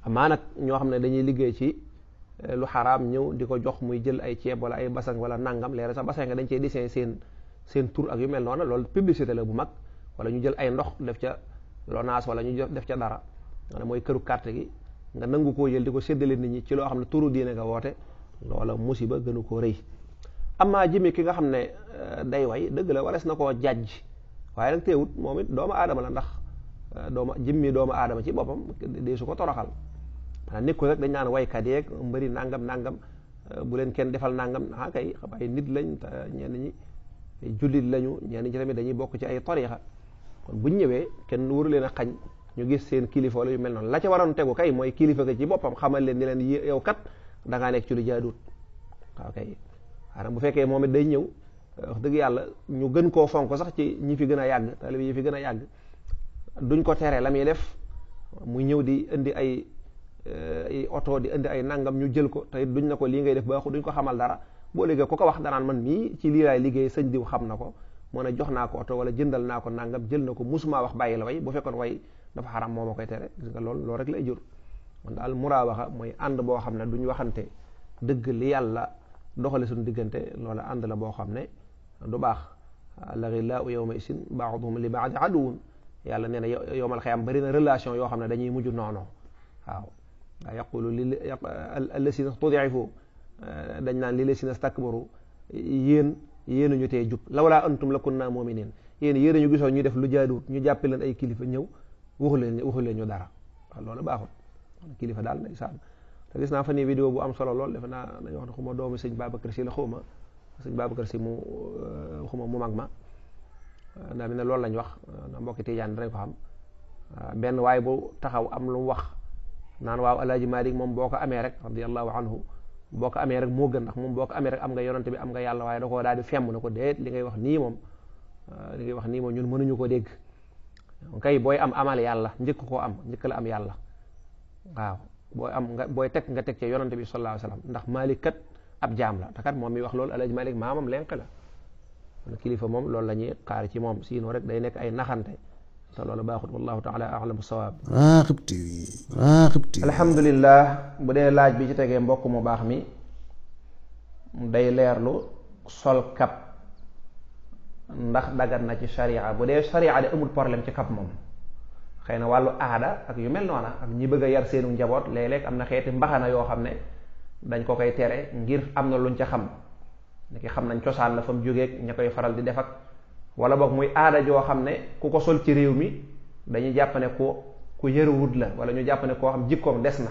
amaa nag ñoo xam ne dañuy liggéey ci eh, lu xaraam ñëw di ko jox muy jël ay ceeb wala ay basang wala nangam léera sax basang nga dañ cee dessin seen seen tur ak yu mel noonu loolu publicité la bu mag wala ñu jël ay ndox def ca lonaas wala ñu def ca dara ne mooy këru carte gi nga nangu koo jël di ko séddale nit ñi ci loo xam ne turu diine nga woote loola musiba gënu koo rëy amaa jëmi ki nga xam ne euh, day way dëgg la warees na ko jàjj waaye nag teewut moom it doomu aadama la ndax euh, doomu jëmmi doomu aadama ci boppam dee su ko toroxal maanaam nekkul rek dañ naan waykat yeeg mbëri nangam nangam euh, bu leen kenn defal nangam ah kay ay nit lañ te ñenn ñi jullit lañu ñenn ñi tamit dañuy bokk ci ay tariixa kon bu ñëwee kenn wur leen a xañ ñu gis seen kilifa wala yu mel noonu la ca waroon tegu kay mooy kilifa ga ci boppam xamal leen ni leen yow kat da ngaa nekk ci lu jaaduwut waaw bu fekkee moom it day ñëw dëgg yàlla ñu gën koo fonk sax ci ñi fi gën a yàgg taalibe yi fi gën a yàgg duñ ko tere la muy def muy ñëw di indi eh, ay oto di indi ay nangam ñu jël ko te duñ na ko lii ngay def baaxul duñ ko xamal dara boo léegi ko ko wax danaan man mii ci lii laay liggéey sëñ diw xam na ko moo ne jox naa ko oto wala jëndal naa ko nangam jël na ko musuma wax bàyyi la way bu fekkoon way dafa xaram moo ma koy tere gis nga loolu loolu rek lay jur man daal muraawaxa mooy ànd boo xam ne duñ waxante dëgg li yàlla doxale suñu diggante loola ànd la boo xam ne du baax laxi laa u yawma isin baaduhum li baadi aduwun yàlla nee na yowmal xayaam bari na relation yoo xam ne dañuy mujj noonu waaw daa yaqulu li allasina tudifu dañ naan lii li lasina stakbaru yéen yéenuñu tee jub lawlaa antum lakunna mu'minin yéen yéen ñu gisoon ñu def lu jaaduwut ñu jàppe leen ay kilifa ñëw waxu leen waxu leen ñu dara waaw loolu kilifa daal ndeysaan te gis naa fa ne vidéo bu am solo lool defe naa dañu wax ne xuma doomu sëñ Babacar Si la xuma sëñ Babacar Si mu euh, xuma mu mag ma euh, ndaa mi ne loolu lañ wax mbokki Tijaan danañ ko euh, benn waaye bu taxaw am lu wax naan waaw alaaji Maalik moom boo ko amee rek radiallahu anhu boo ko amee rek moo gën ndax moom boo ko amee rek am nga yonante bi am nga yàlla waaye da koo daal di na ko déet li ngay wax nii moom li ngay wax nii moom ñun mënuñu ko dégg kay booy am amal yàlla njëkk koo am njëkk la am yàlla waaw boo am nga booy teg nga teg ci yonante bi sallallahu alayhi ndax Malik kat ab jaam la te moom mi wax loolu alaji Malik maamam lenk la kon kilifa moom loolu la ñuy xaar ci moom sinon rek day nekk ay naxante te loolu baaxut wallahu taala aalamu sawaab Raaxib TV Raaxib TV alhamdulilah bu dee laaj bi ci tegee mbokk mu baax mi day leerlu sol kap ndax dagat na ci sharia bu dee sharia de amul problème ci kap moom xëy na wàllu aada ak yu mel noona ak ñi bëgg a yar seenu njaboot léeg-léeg am na xeeti mbaxana yoo xam ne dañ ko koy tere ngir am na luñ ca xam niki xam nañ cosaan la fa mu ña koy faral di def wala boog muy aada joo xam ne ku ko sol ci réew mi dañuy jàpp ne ku ku yëruwut la wala ñu jàpp ne koo xam jikkoom des na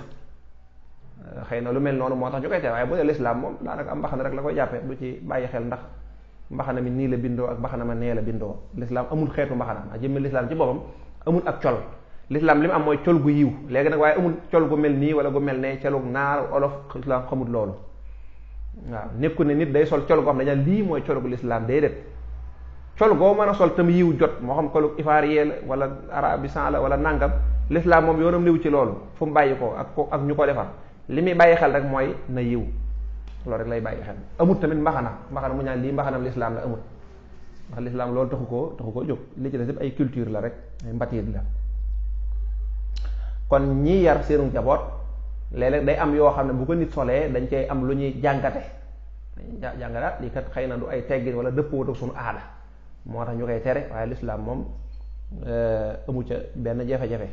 euh, xëy na lu mel noonu moo tax ñu koy tere waaye bu dee lislaam moom daanaka am mbaxana rek la koy jàppee du ci bàyyi xel ndax mbaxana mi nii la bindoo ak mbaxana ma nee la bindoo lislaam amul xeetu mbaxana a jëmmi lislaam ci boppam amul ak col lislaam li mu am mooy col gu yiw léegi nag waaye amul col gu mel nii wala gu mel ne colug naar olof islam xamul loolu waaw nekku ne nit day sol col goo xam dañaan lii mooy colugu l'islam day det col goo mën a sol tamit yiw jot moo xam colug ifaariyee la wala arabisan la wala nangam l'islam moom yoonam liw ci loolu fu mu bàyyi ko ak ñu ko defar li muy bàyyi xel rek mooy na yiw loolu rek lay bàyyi xel amut tamit mbaxana mbaxana mu ñaan lii mbaxanam ndax lislaam loolu taxu ko taxu ko jóg li ci des ay culture la rek ay mbatiit la kon ñi yar seenu njaboot léeg-léeg day am yoo xam ne bu ko nit solee dañ cay am lu ñuy jàngate dañuy jàngataat lii kat xëy na du ay teggin wala dëppoo ak suñu aada moo tax ñu koy tere waaye lislaam moom euh, amu ca benn jafe-jafe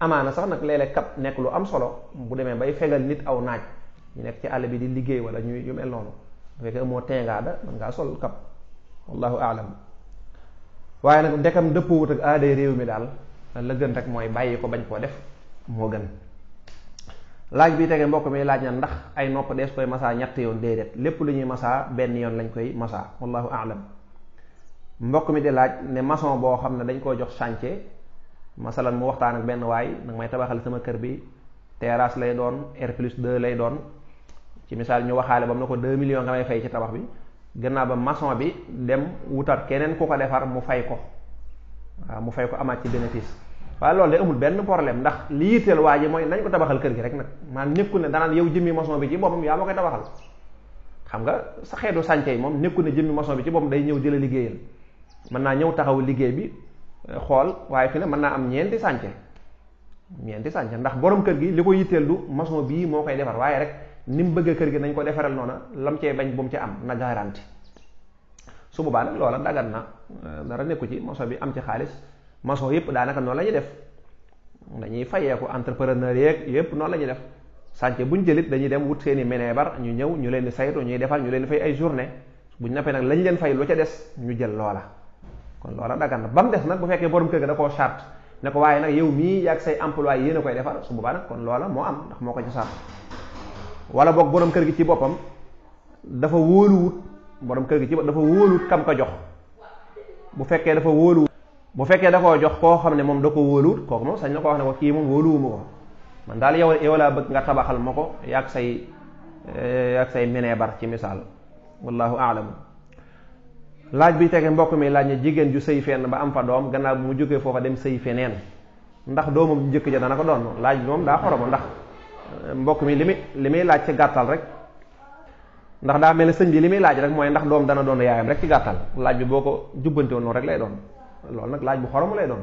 amaana sax nag léeg nekk lu am solo bu demee bay fegal nit aw naaj ñu nekk ci àll bi di liggéey wala ñu yu mel noonu bu fekkee amoo teengaada mën ngaa sol kap wallahu aalam waaye nag ndekam dëppwut ak aaday réew mi daal la gën rek mooy bàyyi ko bañ koo def moo gën laaj bi tege mbokk mi laaj na ndax ay nopp dees koy masaa ñett yoon déedéet lépp lu ñuy masaa benn yoon lañ koy masaa wallahu aalam mbokk mi di laaj ne mason boo xam ne dañ koo jox chantier masalan mu waxtaan ak benn waay nag may tabaxal sama kër bi terrasse lay doon R plus 2 lay doon ci misaal ñu waxaale ba mu ne ko 2 millions nga may fay ci tabax gannaaw ba maçon bi dem wutat keneen ku ko defar mu fay ko waaw mu fay ko amaat ci bénéfice waaye loolu de amul benn problème ndax li yitteel waa ji mooy nañ ko tabaxal kër gi rek nag maanaam nekku ne danaan yow jëmmi maçon bi ci boppam yaa ma koy tabaxal xam nga sa xeetu sànce yi moom nekku ne jëmmi maçon bi ci boppam day ñëw di jëla liggéeyal mën naa ñëw taxaw liggéey bi eh, xool waaye fi ne mën naa am ñeenti sànce ñeenti sànce ndax borom kër gi li ko yitteel du bii moo koy defar waaye rek ni mu bëggee kër gi nañ ko defaral noona lam cee bañ bu mu ci am na garanti su boobaa nag loola dagan na euh, dara nekku ci maçon bi am ci xaalis maçon yëpp daanaka noonu la ñuy def dañuy fayeeku entrepreneur yeeg yëpp noonu la ñuy def sànce buñ jëlit dañuy dem wut seeni meneebar ñu ñëw ñu leen di saytu ñuy defal ñu leen di fay ay journée buñ nappee nag lañ leen fay lu ca des ñu jël loola kon loola dagan na ba mu des nag bu fekkee borom kër ga da koo charte ne ko waaye nag yow mii yaag say employé yéen a koy defar su kon loola moo am ndax moo ko ci sart wala boog borom kër gi ci boppam dafa wóoluwut borom kër gi ci dafa wóoluwut kam ko jox bu fekkee dafa wóoluwut bu fekkee da koo jox koo xam ne moom da ko wóoluwut kooku moom sañ na ko wax ne ko kii moom wóoluwuma ko man daal yow yow laa bëgg nga tabaxal ma ko yaag say eh, yaag say mineebar ci misaal wallahu aalamu laaj bi tege mbokk mi laaj ne jigéen ju sëy fenn ba am fa doom gannaaw bu mu jógee foofa dem sëy feneen ndax doomam njëkk ja dana ko doon laaj bi moom daa ndax mbokk mi li muy li muy laaj ci gàttal rek ndax daa mel ne sëñ bi li muy laaj rek mooy ndax doom dana doon yaayam rek ci gàttal laaj bi boo ko jubbante rek lay doon loolu nag laaj bu xorom lay doon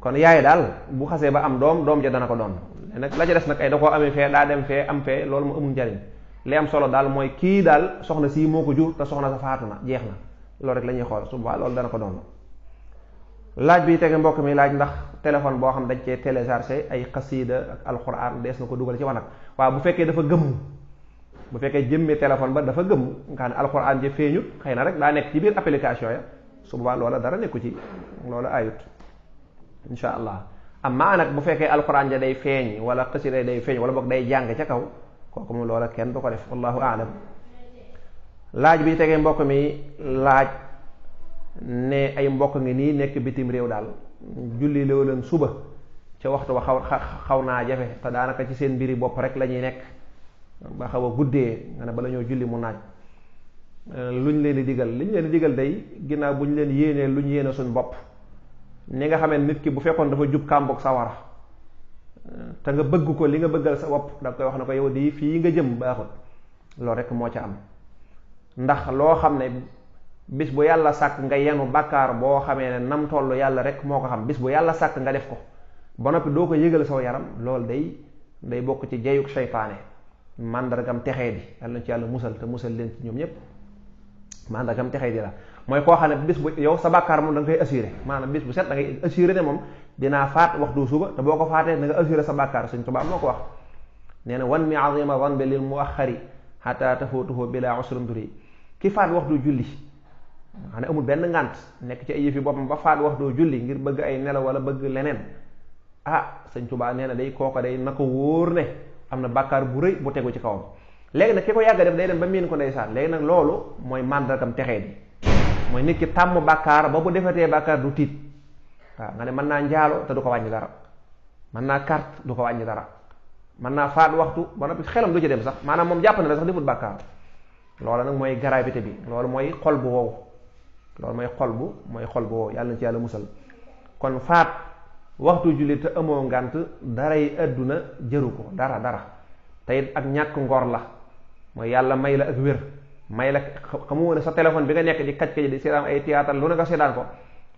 kon yaay daal bu xasee ba am doom doom ja dana ko doon nag la ca des nag ay da koo amee fee daa dem fee am loolu mu amul njariñ li am solo daal mooy kii daal soxna sii moo ko jur te soxna sa faatu na jeex na loolu rek la ñuy xool su boobaa loolu dana ko doon laaj bi tege mbokk mi laaj ndax téléphone boo xam dañ cee téléchargé ay xasiida ak alxuraan dees na ko dugal ci wanag waaw bu fekkee dafa gëmm bu fekkee jëmmee téléphone ba dafa gëmm nga xam ne alxuraan ja feeñu xëy na rek daa nekk ci biir application ya su loola dara nekku ci loola ayut insha allah amma nag bu fekkee alxuraan ja day feeñ wala xasiida day feeñ wala boog day jàng ca kaw kooku moom loola kenn du ko def wallahu aalam laaj bi tegee mbokk mi laaj ne ay mbokk ngi nii nekk bitim réew daal julli loo leen suba ca waxtu ba xaw xa xaw naa jafe te daanaka ci seen mbiri bopp rek la ñuy nekk ba xaw a guddee nga ne ba lañoo julli mu naaj euh, luñ leen di digal liñ leen di digal day ginnaaw bu ñu leen yéenee lu luñ yéene suñ bopp ni nga xamee nit ki bu fekkoon dafa jub kàmboog sawara euh, te nga bëgg ko li nga bëggal sa bopp da koy wax na ko yow di fii nga jëm baaxul loolu rek moo ca am ndax loo xam ne bis bu yàlla sàkk nga yenu bàkkaar boo xamee ne nam toll yàlla rek moo ko xam bis bu yàlla sàkk nga def ko ba noppi doo ko yëgal saw yaram loolu day day bokk ci jeyuk seytaane màndargam texee di yàlla na ci yàlla musal te musal leen ci ñoom ñépp màndargam texee di la mooy koo xam ne bis bu yow sa bàkkaar moom da koy assuré maana bis bu set da ngay assuré ne moom dinaa faat waxtu suba te boo ko faatee da nga assuré sa bàkkaar suñ tubaab moo ko wax nee na wan mi azima zanbi lil muaxari xata tafutuhu bila usrumturi ki faat waxtu julli nga xam ne amul benn ngànt nekk ci ay yëfi boppam ba faat wax doo julli ngir bëgg ay nelaw wala bëgg leneen ah sëñ Tuubaa nee na day kooka day na ko wóor ne am na bàkkaar bu rëy bu tegu ci kawam léegi nag ki ko yàgg def day dem ba miin ko ndeysaan léegi nag loolu mooy màndargam texe bi mooy nit tàmm bàkkaar ba bu defatee bàkkaar du tiit waaw nga ne mën naa njaalo te du ko wàññi dara mën naa carte du ko wàññi dara mën naa faat waxtu ba noppi xelam du ci dem sax maanaam moom jàpp na ne sax defut bàkkaar loola nag mooy gravité bi loolu mooy xol bu wow loolu mooy xol bu mooy xol bu wow yàlla na ci yàlla musal kon faat waxtu julli te amoo ngànt daray àdduna jëru ko dara dara te ak ñàkk ngor la mooy yàlla may la ak wér may la xamu woon ne sa bi nga nekk di seetaan ay théâtre lu ne nga seetaan ko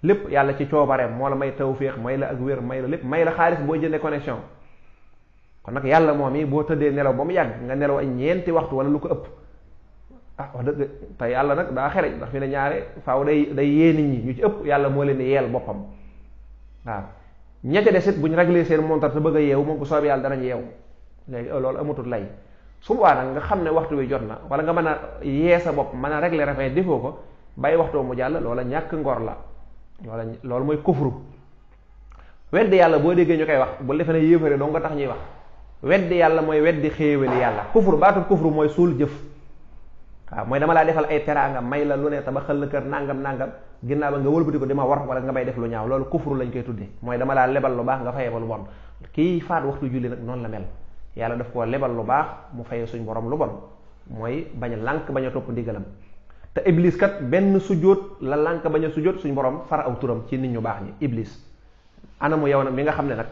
lépp yàlla ci coobareem moo la may tawféex may la ak wér may la lépp may la xaalis boo jëndee connexion kon nag yàlla moom yi boo tëddee nelaw ba mu yàgg nga nelaw ay ñeenti waxtu wala lu ko ëpp ah wax dëgg te yàlla nag daa xereñ ndax fi ne ñaare faaw day day yee nit ñi ñu ci ëpp yàlla moo leen di yeel boppam waaw ña ca des it bu ñu régler seen montar te bëgg a yeewu moom bu soobee yàlla danañ yeewu léegi euh, loolu amatul lay su boobaa nga xam ne waxtu wi jot na wala nga mën a yee sa bopp mën a régler rafet defoo ko bàyyi waxtoo mu jàll loola ñàkk ngor la loola loolu mooy kufru weddi yàlla boo déggee ñu koy wax bu defee ne yéefare doo nga tax ñuy wax weddi yàlla mooy weddi xéewali yàlla kufru baatu kufru mooy suul jëf waaw mooy dama laa defal ay teraanga may la lu ne tabaxal la kër nangam nangam ginnaaw ba nga wëlbati ko di ma war wala nga may def lu ñaaw loolu kufru lañ koy tuddee mooy dama laa lu baax nga fayee ma lu bon kii faat waxtu julli nag noonu la mel yàlla daf koo lebal lu baax mu fayee suñ borom lu bon mooy bañ a lànk bañ a topp ndigalam te iblis kat benn sujjóot la lànk bañ a sujjóot suñ borom far aw turam ci nit ñu baax ñi iblis anamu yow nag mi nga xam ne nag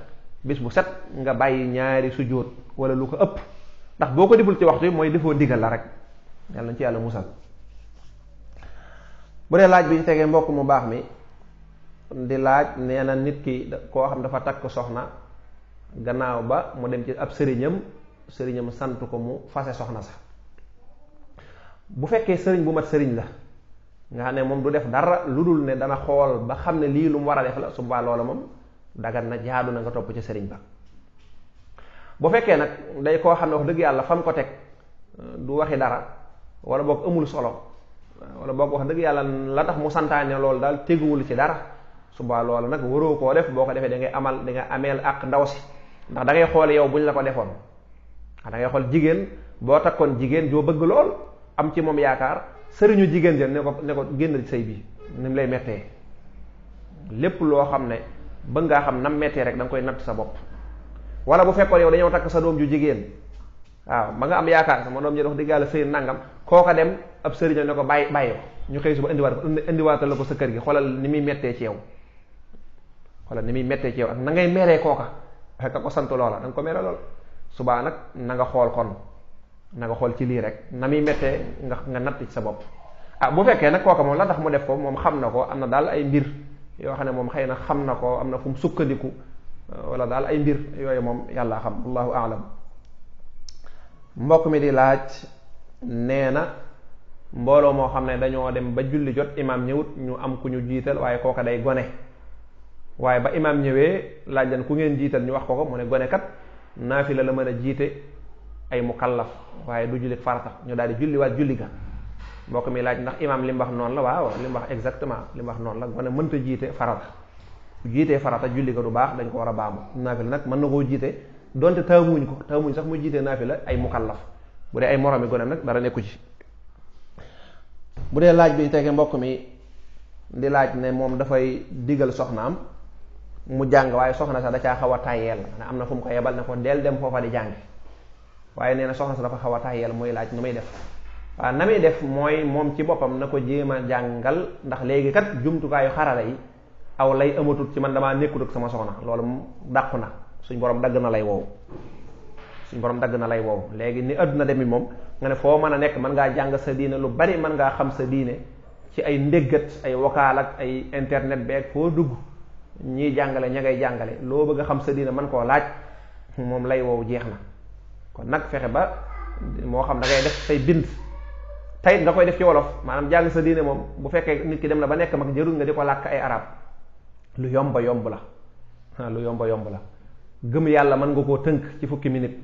bis bu set nga bàyyi ñaari sujjóot wala lu ko ëpp ndax boo ko deful ci waxtu yi mooy defoo ndigal la rek yàlla nañ ci yàlla musal bu dee laaj bi ci tegee mbokk mu baax mi di laaj nee na nit ki koo xam dafa takk soxna gannaaw ba mu dem ci ab sëriñam sëriñam sant ko mu fase soxna sax bu fekkee sëriñ bu mat sëriñ la nga xam ne moom du def dara lu dul ne dana xool ba xam ne lii lu mu war a def la su boobaa loola moom dagan na jaadu na nga topp ci sëriñ ba bu fekkee nag day koo xam ne wax dëgg yàlla fam ko teg du waxi dara wala boog amul solo wala ko wax dëgg yàlla la tax mu santaane loolu daal teguwul ci dara suba loolu nag waroo koo def boo ko defee dangay ngay amal da nga ameel ak ndaw si ndax dangay ngay xool bu buñ la ko defoon da ngay xool jigéen boo takkoon jigéen joo bëgg lool am ci moom yaakaar sëriñu jigéen ja ne ko ne ko génn sëy bi ni mu lay mettee lépp loo xam ne bëgg ngaa xam nam mettee rek da koy natt sa bopp wala bu fekkoon yow dañoo takk sa doom ju jigéen waaw ma nga am yaakaar sama doom ji wax dëgg yàlla sëy nangam kooka dem ab sëriñam ne ko bàyyi bàyyi ko ñu xëy suba indiwaat ko indiwaatal la ko sa kër gi xoolal ni muy mettee ci yow ni muy mettee ci yow na ngay meree kooka ak ko sant loola da ko mere loola subaa nag na nga xool kon na nga xool ci lii rek na muy mettee nga nga natt ci sa bopp ah bu fekkee nag kooka moom la tax mu def ko moom xam na ko am na daal ay mbir yoo xam ne moom xëy na xam na ko am na fu mu sukkandiku wala daal ay mbir yooyu moom yàllaa xam allahu aalam mbokk mi di laaj nee na mbooloo moo xam ne dañoo dem ba julli jot imaam ñëwut ñu am ku ñu jiital waaye kooka day gone waaye ba imaam ñëwee laaj leen ku ngeen jiital ñu wax ko ko mu ne gone kat naafila la la mën a jiite ay mukallaf waaye du julli farata ñu daal di julli waat julli ga mbokk mi laaj ndax imaam li mu wax noonu la waaw li wax exactement li mu wax noonu la gone mënta jiite farata jiitee farata julli ga du baax dañ ko war a baamu naafila nag mën na koo jiite donte taamuñ ko taamuñ sax mu jiitee la ay mukallaf bu dee ay moromi gone nag dara nekku ci bu dee laaj bi tege mbokk mi di laaj ne moom dafay digal soxnaam mu jàng waaye soxna sax da caa xaw a am na fu mu ko yebal ko del dem foofa di jàng waaye nee na soxna sax dafa xaw a tàyyeel muy laaj nu muy def waaw na def mooy moom ci boppam na ko jéem a jàngal ndax léegi kat jumtukaayu xarala yi aw lay amatul ci man damaa nekkul ak sama soxna loolu dàqu na suñ borom dagg na lay wow suñ borom dagg na lay wow léegi ni àdduna demi moom nga ne foo mën a nekk mën ngaa jàng sa diine lu bari mën ngaa xam sa diine ci ay ndéggat ay vocal ak ay internet beeg foo dugg ñiy jàngale ña ngay jàngale loo bëgg a xam sa diine man koo laaj moom lay wow jeex na kon nag fexe ba moo xam da ngay def say bind tey nga koy def ci wolof maanaam jàng sa diine moom bu fekkee nit ki dem na ba nekk mag jërul nga di ko làkk ay arab lu yomba yomb la lu yomba yomb la gëm yàlla mën nga koo tënk ci fukki minute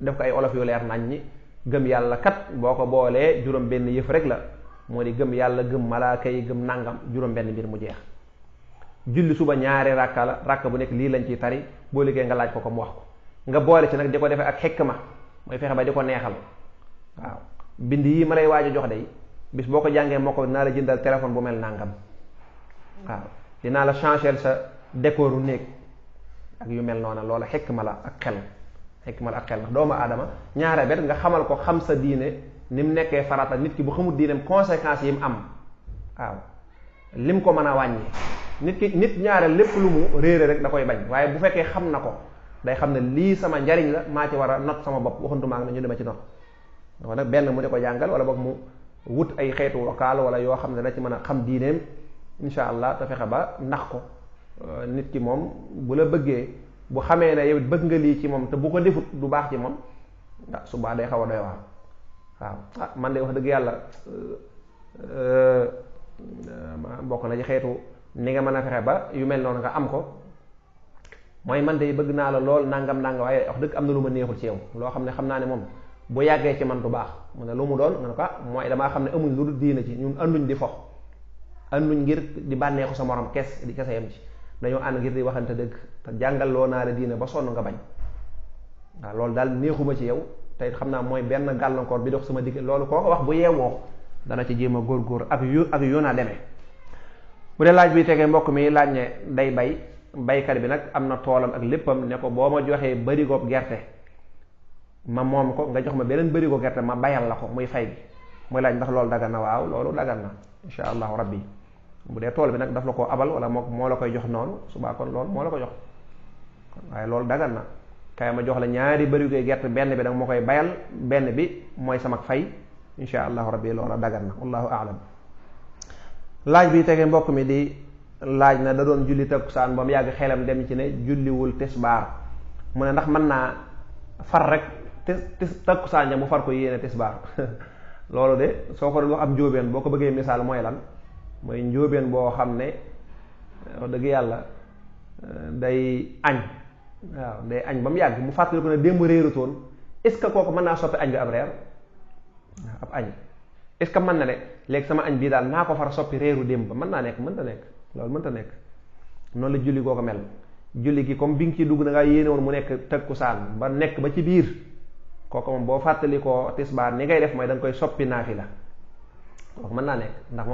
def ko ay olof yu leer nañ gëm yàlla kat boo ko boolee juróom benn yëf rek la moo di gëm yàlla gëm malaa kay gëm nangam juróom benn mbir mu jeex julli suba ñaari ràkka la ràkka bu nekk lii lañ ciy tari boo liggéey nga laaj ko ko mu wax ko nga boole si nag di ko defee ak ma mooy fexe ba di ko neexal waaw bind yii ma lay waaj jox day bis boo ko jàngee moo ko dinaa la jëndal téléphone bu mel nangam waaw dinaa la changer ak yu mel noona loola xekk ma la ak xel xekk ma la ak xel na doomu aadama ñaare bet nga xamal ko xam sa diine ni mu nekkee farata nit ki bu xamul diineem conséquences yi mu am waaw mu ko mën a wàññi nit ki nit ñaare lépp lu mu réere rek da koy bañ waaye bu fekkee xam na ko day xam ne lii sama njariñ la maa ci war a not sama bopp waxantuma ak na ñu dema ci not kon nag benn mu di ko jàngal wala boog mu wut ay xeetu wakaal wala yoo xam ne da ci mën a xam diineem incha allah te fexe ba nax ko Euh, nit ki moom bu la bëggee bu xamee ne yow bëgg nga lii ci moom te bu ko defut du baax ci moom ah subaa day xaw a doy waaw ah, man de wax dëgg yàlla euh, euh, bokk na ci xeetu ni nga mën a fexe ba yu mel noonu nga am ko mooy man de bëgg naa la lool nangam nangam waaye wax dëgg am na lu ma neexul ci yow loo xam ne xam naa ne moom bu yàggee ci man du baax mu ne lu mu doon nga ne ko ah, mooy damaa xam ne amuñ lu dul diina ci ñun anduñ di fox anduñ ngir di bànneexu sa morom kes di kese yam ci dañoo ànd ngir di waxante dëgg te jàngal naa la diine ba sonn nga bañ waaw loolu daal neexuma ci yow tey xam naa mooy benn gàllankoor bi dox sama digg loolu koo ko wax bu yeewoo dana ci jéem a góor ak yu ak yoon naa deme bu dee laaj bi tegee mbokk mi laaj ne day bay baykat bi nag am na toolam ak léppam ne ko boo ma joxee barigoog gerte ma moom ko nga jox ma beneen barigo gerte ma bayal la ko muy fay bi muy laaj ndax loolu dagan na waaw loolu dagan na insha allahu rabbi bu dee tool bi nag daf la ko abal wala moo moo la koy jox noonu subaa kon loolu moo la ko jox waaye loolu dagan na kaay ma jox la ñaari barigoy gerte benn bi danga moo koy bayal benn bi mooy sama fay insha allahu rabbi loola dagan na wallahu aalam laaj bi tegee mbokk mi di laaj na da doon julli takkusaan ba mu yàgg xelam dem ci ne julliwul tisbaar mu ne ndax mën naa far rek tis tis takkusaan ja mu far ko yéene tisbaar loolu de soo ko doon wax ab jóobeen boo ko bëggee misaal mooy lan mooy njóobeen boo xam ne dëgg yàlla euh, day añ waaw day añ ba mu yàgg mu fàttali ko ne démb réerutoon est-ce que kooku man naa soppi añ bi ab reer ab añ est-ce que mën na ne léegi sama añ bii daal naa ko far soppi réeru démb ba mën naa nekk mënta nekk loolu mënta nekk noonu la julli koo ko mel julli gi comme bi nga ciy dugg da ngaa yéene woon mu nekk takkusaan ba nekk ba ci biir kooku moom boo fàttalikoo koo tisbaar ni ngay def mooy da nga koy soppi naafi la kooku mën naa nekk ndax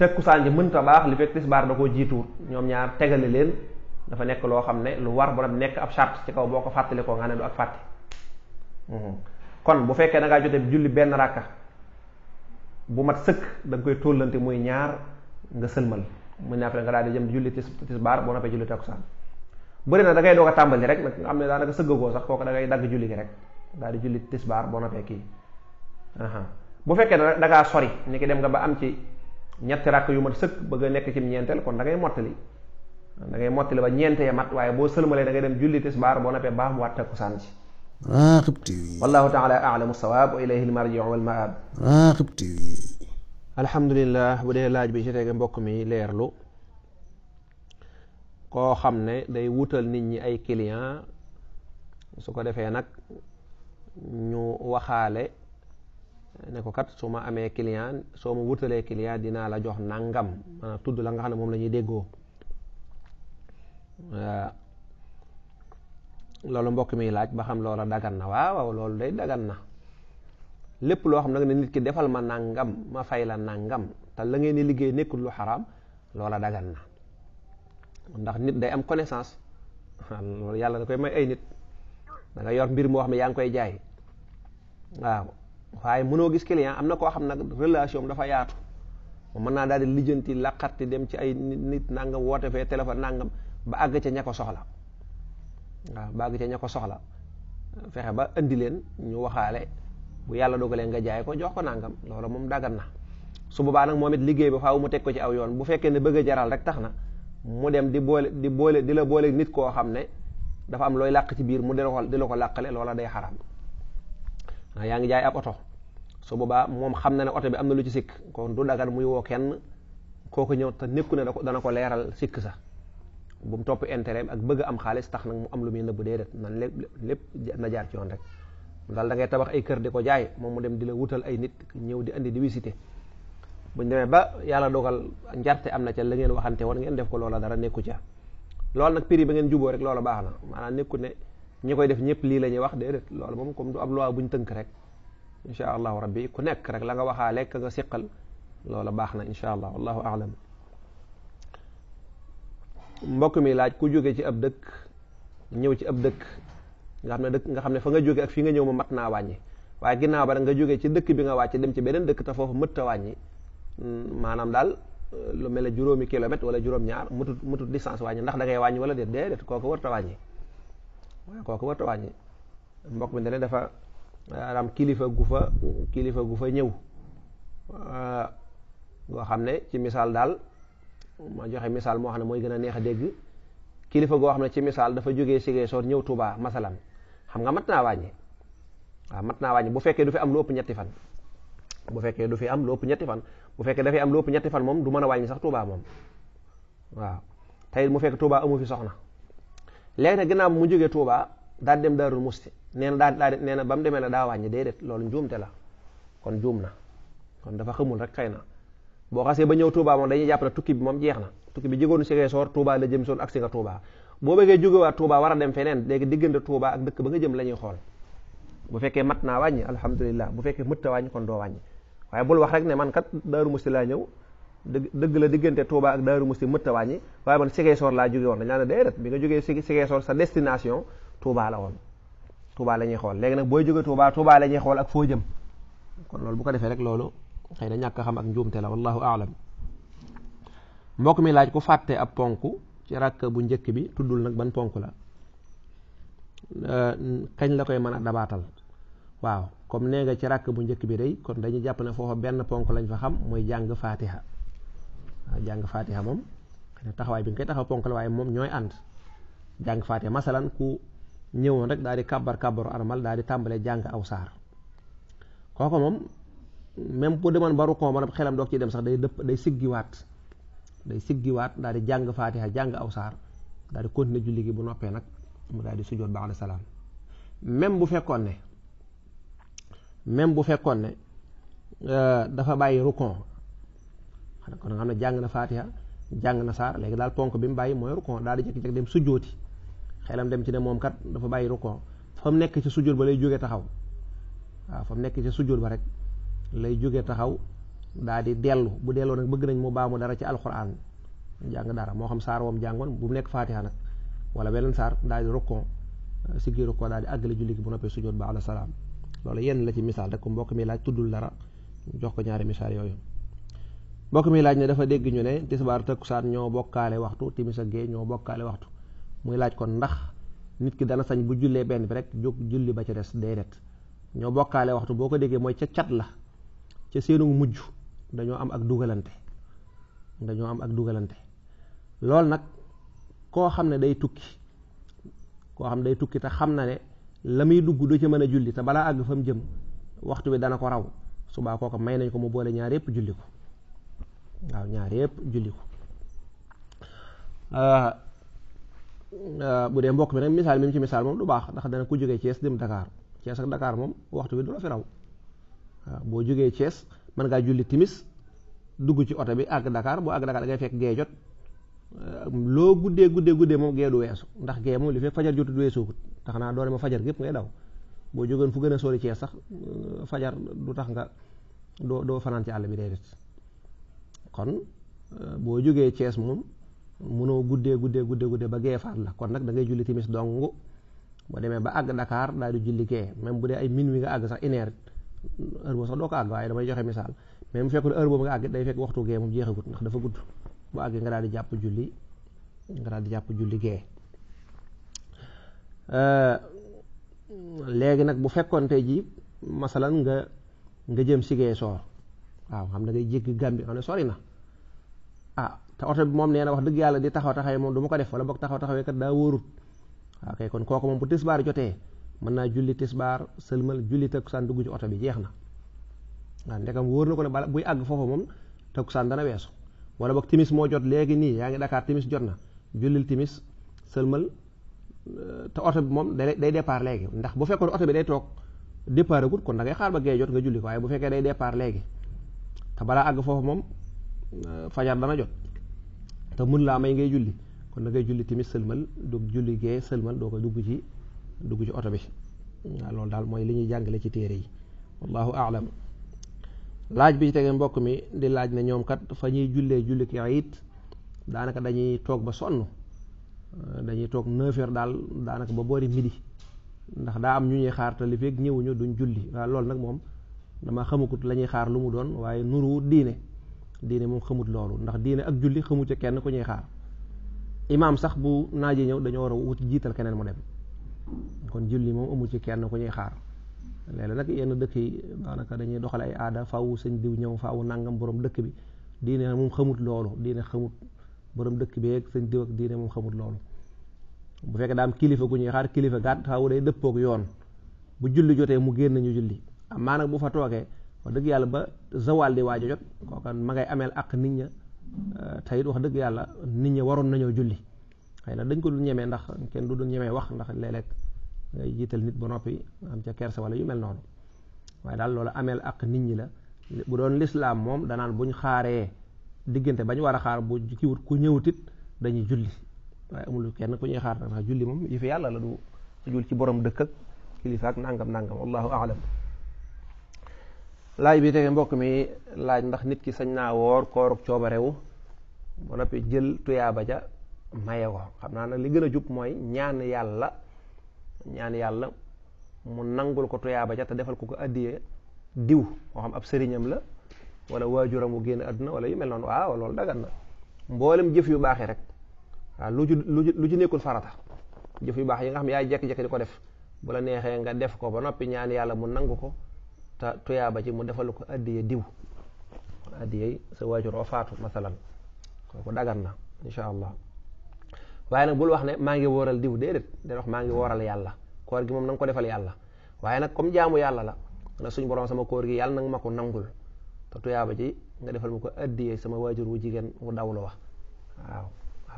takkusaan ji mënta baax li fekk tisbaar da koo jiituwut ñoom ñaar tegale leen dafa nekk loo xam ne lu war bu nekk ab charte ci kaw boo ko fàttali ko nga ne du ak fàtte mhm. kon bu fekkee da ngaa jote julli benn ràkka bu mat sëkk da nga koy tóllante muy ñaar nga sëlmal muy naa nga daal di jëm julli tis tisbaar boo noppee julli takkusaan bëri na da ngay doog a tàmbali rek nag am ne daanaka sëggagoo sax da ngay dagg julli gi rek daal di julli tisbaar boo noppee kii bu fekkee da sori ni ki dem nga ba am ci ñetti rakk yu mat sëkk bëgg a nekk ci ñeenteel kon da ngay mottali da ngay mottali ba ñeente ya mat waaye boo sëlmalee da ngay dem julli tisbaar boo noppee baax mu waat takkusaan ci Raghib TV wallahu taala aalamu sawaab wa ilayhi almarjiu wal maab Raghib TV alhamdulilah bu dee laaj bi ci tege mbokk mi leerlu koo xam ne day wutal nit ñi ay client su ko defee nag ñu waxaale ne ko kat soo ma amee client soo ma wutalee client dinaa la jox nangam maanaam la nga xam ne moom la ñuy déggoo loolu mbokk mi laaj ba xam loola dagan na waaw waaw loolu na lépp loo xam nag ne nit ki defal ma nangam ma fay la te la ngeen di liggéey nekkul lu xaraam loola dagan na ndax nit day am connaissance loolu yàlla da koy may ay nit da yor mbir moo xam ne yaa ngi koy jaay waaw waaye mënoo gis client am na koo xam nag relation dafa yaatu mën naa daal lijjanti laqarti dem ci ay nit nangam woote fee téléphone nangam ba àgg ca ña ko soxla waaw ba àgg ña ko soxla fexe ba indi leen ñu waxaale bu yàlla dogalee nga jaay ko jox ko nangam loolu moom daggan na su boobaa nag moom it liggéey bi faaw mu teg ko ci aw yoon bu fekkee ne bëgg jaral rek tax na mu dem di boole di boole di la boole nit koo xam ne dafa am looy làq ci biir mu di la ko di la ko làqale loola day xaraam ndax yaa ngi jaay ab oto su boobaa moom xam na ne oto bi am na lu ci sikk kon du dagan muy woo kenn kooku ñëw ta nekku ne dana ko leeral sikk sax bu mu topp intérêt ak bëgg am xaalis tax nag mu am lu muy nëbb déedéet nan lépp lépp na jaar ci yoon rek daal da ngay tabax ay kër di ko jaay moom mu dem di la wutal ay nit ñëw di andi di visité buñ demee ba yàlla dogal njarte am na ca la ngeen waxante woon ngeen def ko loola dara nekku ca loolu nag prix ba ngeen juboo rek loola baax na ñi koy def ñëpp lii la ñuy wax déedéet loolu moom comme du ab loi bu ñu tënk rek incha allahu rabbi ku nekk rek la nga waxaa lekk nga siqal loola baax na incha allah wallahu alam mbokk mi laaj ku jóge ci ab dëkk ñëw ci ab dëkk nga xam ne dëkk xam ne fa jóge ak fi ñëw ma mat naa wàññi waaye ginnaaw ba nga jóge ci dëkk bi nga wàcc dem ci beneen dëkk te foofu mët ta wàññi daal lu mel ne juróomi kilomètre wala juróom-ñaar mutut mutut distance wàññi ndax da ngay wàññi wala déet déedéet kooku war ta wàññi waaye kooku warta wàññi mbokk mi ne dafa ah, am kilifa gu fa kilifa gu fa ñëw ah, goo xam ne ci misaal daal ma joxe misaal moo xam ne mooy gën a neex a dégg kilifa goo xam ne ci misaal dafa jóge si jógee Ziguinchor ñëw tubaa masalan xam nga mat naa wàññi waaw mat naa wàññi bu fekkee du fi am lu ëpp ñetti fan bu fekkee du am lu ñetti fan bu fekkee dafay am lu ëpp ñetti fan moom du mën a wàññi sax tubaa moom waaw tey mu fekk tubaa amu fi soxna léegi nag ginnaaw mu jógee Touba daal dem Daarul Musti nee na daal daal nee na ba mu demee ne daa wàññi déedéet loolu njuumte la kon juum na kon dafa xamul rek xëy na boo xasee ba ñëw Touba moom dañuy jàpp ne tukki bi moom jeex na tukki bi jógoonu si Ziguinchor Touba la jëm soon ak si nga Touba boo bëggee jógewaat Touba war a dem feneen léegi diggante Touba ak dëkk ba nga jëm lañuy xool bu fekkee mat naa wàññi alhamdulilah bu fekkee mëtta wàññi kon doo wàññi waaye bul wax rek ne man kat Daaru laa ñëw dëgg dëgg la diggante tuubaa ak Daaru Musti mëtt a wàññi waaye man Sigeesoor laa jóge woon dañ laa ne déedéet bi nga jógee Sigeesoor sa destination Touba la woon Touba lañuy xool léegi nag booy jóge Touba Touba la ñuy xool ak foo jëm kon loolu bu ko defee rek loolu xëy na ñàkk xam ak njuumte la wallahu aalam mbokk mi laaj ku fàtte ab ponk ci rakk bu njëkk bi tuddul nag ban ponk la kañ la koy mën a dabaatal waaw comme nee nga ci rakk bu njëkk bi day kon dañuy jàpp ne foofa benn ponk lañ fa xam mooy jàng faatiha jàng faatiha moom taxawaay bi nga koy taxaw ponk la waaye moom ñooy ànd jàng faatiha masalaan ku ñëwoon rek daal di kàbbar kàbbaru armal daal di tàmbalee jàng aw saar kooko moom même bu demoon ba rukkoo man xelam doog ciy dem sax day dëpp day siggiwaat day siggiwaat daal di jàng faatiha jàng aw saar daal di continuer julli gi bu noppee nag mu daal di sujjoot ba'da salaam même bu fekkoon ne même bu fekkoon ne euh, dafa bàyyi rukkoo kon nga xam ne jàng na faatiha jàng na saar léegi daal ponk bi mu bàyyi mooy rukon daal di jékki-jékki dem sujjooti xelam dem ci dem moom kat dafa bàyyi rukon fa mu nekk ci sujjoot ba lay jógee taxaw waaw nekk ci sujjoot ba rek lay jógee taxaw daal di dellu bu delloo nag bëgg nañ mu baamu dara ci alquran jàng dara moo xam saar woom jàngoon bu mu nekk faatiha nag wala beneen saar daal di rukon siggi rukon daal di àggale julli gi bu noppee sujjoot ba ala salaam loolu yenn la ci misaal rek ko mbokk mi laaj tuddul dara jox ko ñaari misaal yooyu bokk mi laaj ne dafa dégg ñu ne tisbaar takkusaan ñoo bokkaale waxtu timis ak gee ñoo bokkaale waxtu muy laaj kon ndax nit ki dana sañ bu jullee benn bi rek jóg julli ba ca des déedéet ñoo bokkaale waxtu boo ko déggee mooy ca cat la ca seenu mujj dañoo am ak dugalante dañoo am ak dugalante loolu nag koo xam ne day tukki koo xam ne day tukki te xam na ne la muy dugg du ci mën a julli te balaa àgg fa mu jëm waxtu bi dana ko raw subaa kooka may nañ ko mu boole ñaar yépp julli ko waaw ñaar yëpp julli ko ah, ah, bu dee mbokk bi nag misaal mi ci misaal moom du baax ndax dana ku jógee Thiès dem Dakar Thiès ak Dakar moom waxtu bi du la fi raw ah, boo jógee cees mën ngaa julli timis dugg ci oto bi àgg Dakar boo àgg Dakar da ngay fekk gee jot loo guddee guddee guddee moom gee du weesu ndax gee moom li fekk fajar jotu du weesuwut tax naa doone ma fajar gépp ngay daw boo jógeen fu gën a sori Thiès sax fajar du tax nga doo doo fanaan ci àll bi déedéet kon euh, boo jógee cees moom mënoo guddee guddee guddee guddee ba gee faat la kon nag da ngay julli timis dong boo demee ba àgg Dakar daal di julli gee même bu dee ay minuit nga àgg sax une heure heure boobu sax doo ko àgg waaye damay joxe misaal mais mu fekkul heure boobu nga àgg day fekk waxtu gee moom jeexagut ndax dafa gudd bu àggee nga daal di jàpp julli nga daal di jàpp julli gee euh, léegi nag bu fekkoon tey ji masalan nga nga jëm si gee waaw xam da ngay jéggi Gàmbi xam ne sori na ah te oto bi moom nee na wax dëgg yàlla di taxaw taxawee moom du ma ko def wala boog taxaw taxawee kat daa wóorut waaw ah, kon kooku moom bu tisbaar jotee mën naa julli tisbaar sëlmal julli takkusaan dugg ci oto bi jeex na waaw ah, ndekam wóor na ko ne bala buy àgg foofu moom takkusaan dana weesu wala boog timis moo jot léegi nii yaa ngi Dakar timis jot na jullil timis sëlmal euh, te oto bi moom day day départ léegi ndax bu fekkoon oto bi day toog départ agut kon da ngay xaar ba gee jot nga waaye bu fekkee day départ léegi te balaa àgg foofu moom euh, fajar dana jot te mun laa may ngay julli kon da ngay julli timis sëlmal doog julli gee sëlmal doo ko dugg ci dugg ci oto bi waaw loolu daal mooy li ñuy jàngale ci téere yi wallahu aalam laaj bi ci tege mbokk mi di laaj ne ñoom kat fa ñuy jullee julli ki it daanaka dañuy toog ba sonn euh, dañuy toog neuf heures daal daanaka ba boori midi ndax daa am ñu ñuy xaar te li fekk ñëwuñu duñ julli waaw loolu nag moom dama xamakut la ñuy xaar lu mu doon waaye nuru nuruwut diine diine moom xamut loolu ndax diine ak julli xamu ci kenn ku ñuy xaar imaam sax bu naajee ñëw dañoo war a wut jiital keneen mu dem kon julli moom amu ci kenn ku ñuy xaar léeg nag yenn dëkk yi daanaka dañuy doxal ay aada faaw sëñ diw ñëw faaw nangam borom dëkk bi diine moom xamut loolu diine xamut borom dëkk bi ak sëñ diw ak diine moom xamut loolu bu fekkee daam kilifa ku ñuy xaar kilifa gaat faaw day dëppook yoon bu julli jotee mu génn ñu julli amaa nag bu fa toogee wax dëgg yàlla ba zawal di waaj a jot kooka ameel ak nit ña euh, te it wax dëgg yàlla nit ña waroon nañoo julli xëy na dañ ko dul ñemee ndax kenn du du ñemee wax ndax léeg-léeg ngay jiital nit ba noppi am ca kerse wala yu mel noonu waaye daal loolu ameel ak nit ñi la bu doon lislaam moom danaan buñ xaaree diggante bañ war a xaar bu kiwut ku ñëwutit dañuy julli waaye amul kenn ku ñuy xaar nag julli moom yi fi yàlla la du ajul ci borom dëkk ak nangam nangam wallahu laaj bi tege mbokk mi laaj ndax nit ki sañ naa woor koorug coobarewu ba noppi jël tuyaaba ja maye ko xam naa nag li gën a jub mooy ñaan yàlla ñaan yàlla mu nangul ko tuyaaba ja te defal ko ko addiyee diw moo xam ab sëriñam la wala waajuram wu génn àdduna wala yu mel noonu waaw loolu dagan na mboolem jëf yu baax yi rek waaw lu ci lu ci nekkul farata jëf yu baax yi nga xam yaay jekki-jekki di ko def bu la neexee nga def ko ba noppi ñaan yàlla mu nangu ko tuyaaba ci mu defal ko addiye diw addiyey sa waajur o faatu masalan kooku dagan na insha allah waaye nag bul wax ne maa ngi wooral diw déedéet day wax maa ngi wóoral yàlla koor gi moom na ko defal yàlla waaye nag comme jaamu yàlla la na suñ borom sama koor gi yàlla nanga ma ko nangul te tuyaaba nga defal ma ko addiyee sama waajur wu jigéen wu daw la waaw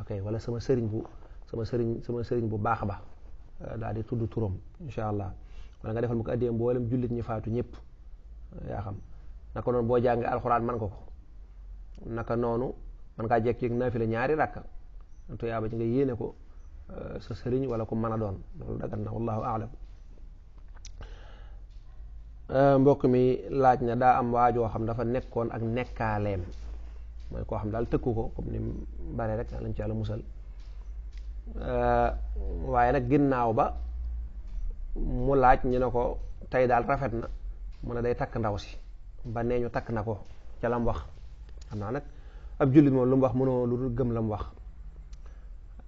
ok wala sama sëriñ bu sama sëriñ sama sëriñ bu baax ba daal di tudd turoom insha allah wala nga defal ma ko addiyee mboolem jullit ñi faatu ñëpp yaa xam naka noonu boo jàngee alxuraan man nga ko naka noonu man ngaa jekk yëg naafila ñaari rakka tuyaaba ci nga yéene ko euh, sa sëriñ wala ku mën a doon loolu dagal euh, mbokk mi laaj na daa am waajoo xam dafa nekkoon ak nekkaaleem mooy koo xam daal tëkku ko comme ni bare rek lañ ci yàlla musal euh, waaye nag ginnaaw ba mu laaj ñu ne ko tey daal rafet na mun na day takk ndaw si ba nee ñu takk na ko ca lam wax xam naa nag ab jullit moom lu mu wax mënoo lu dul gëm la mu wax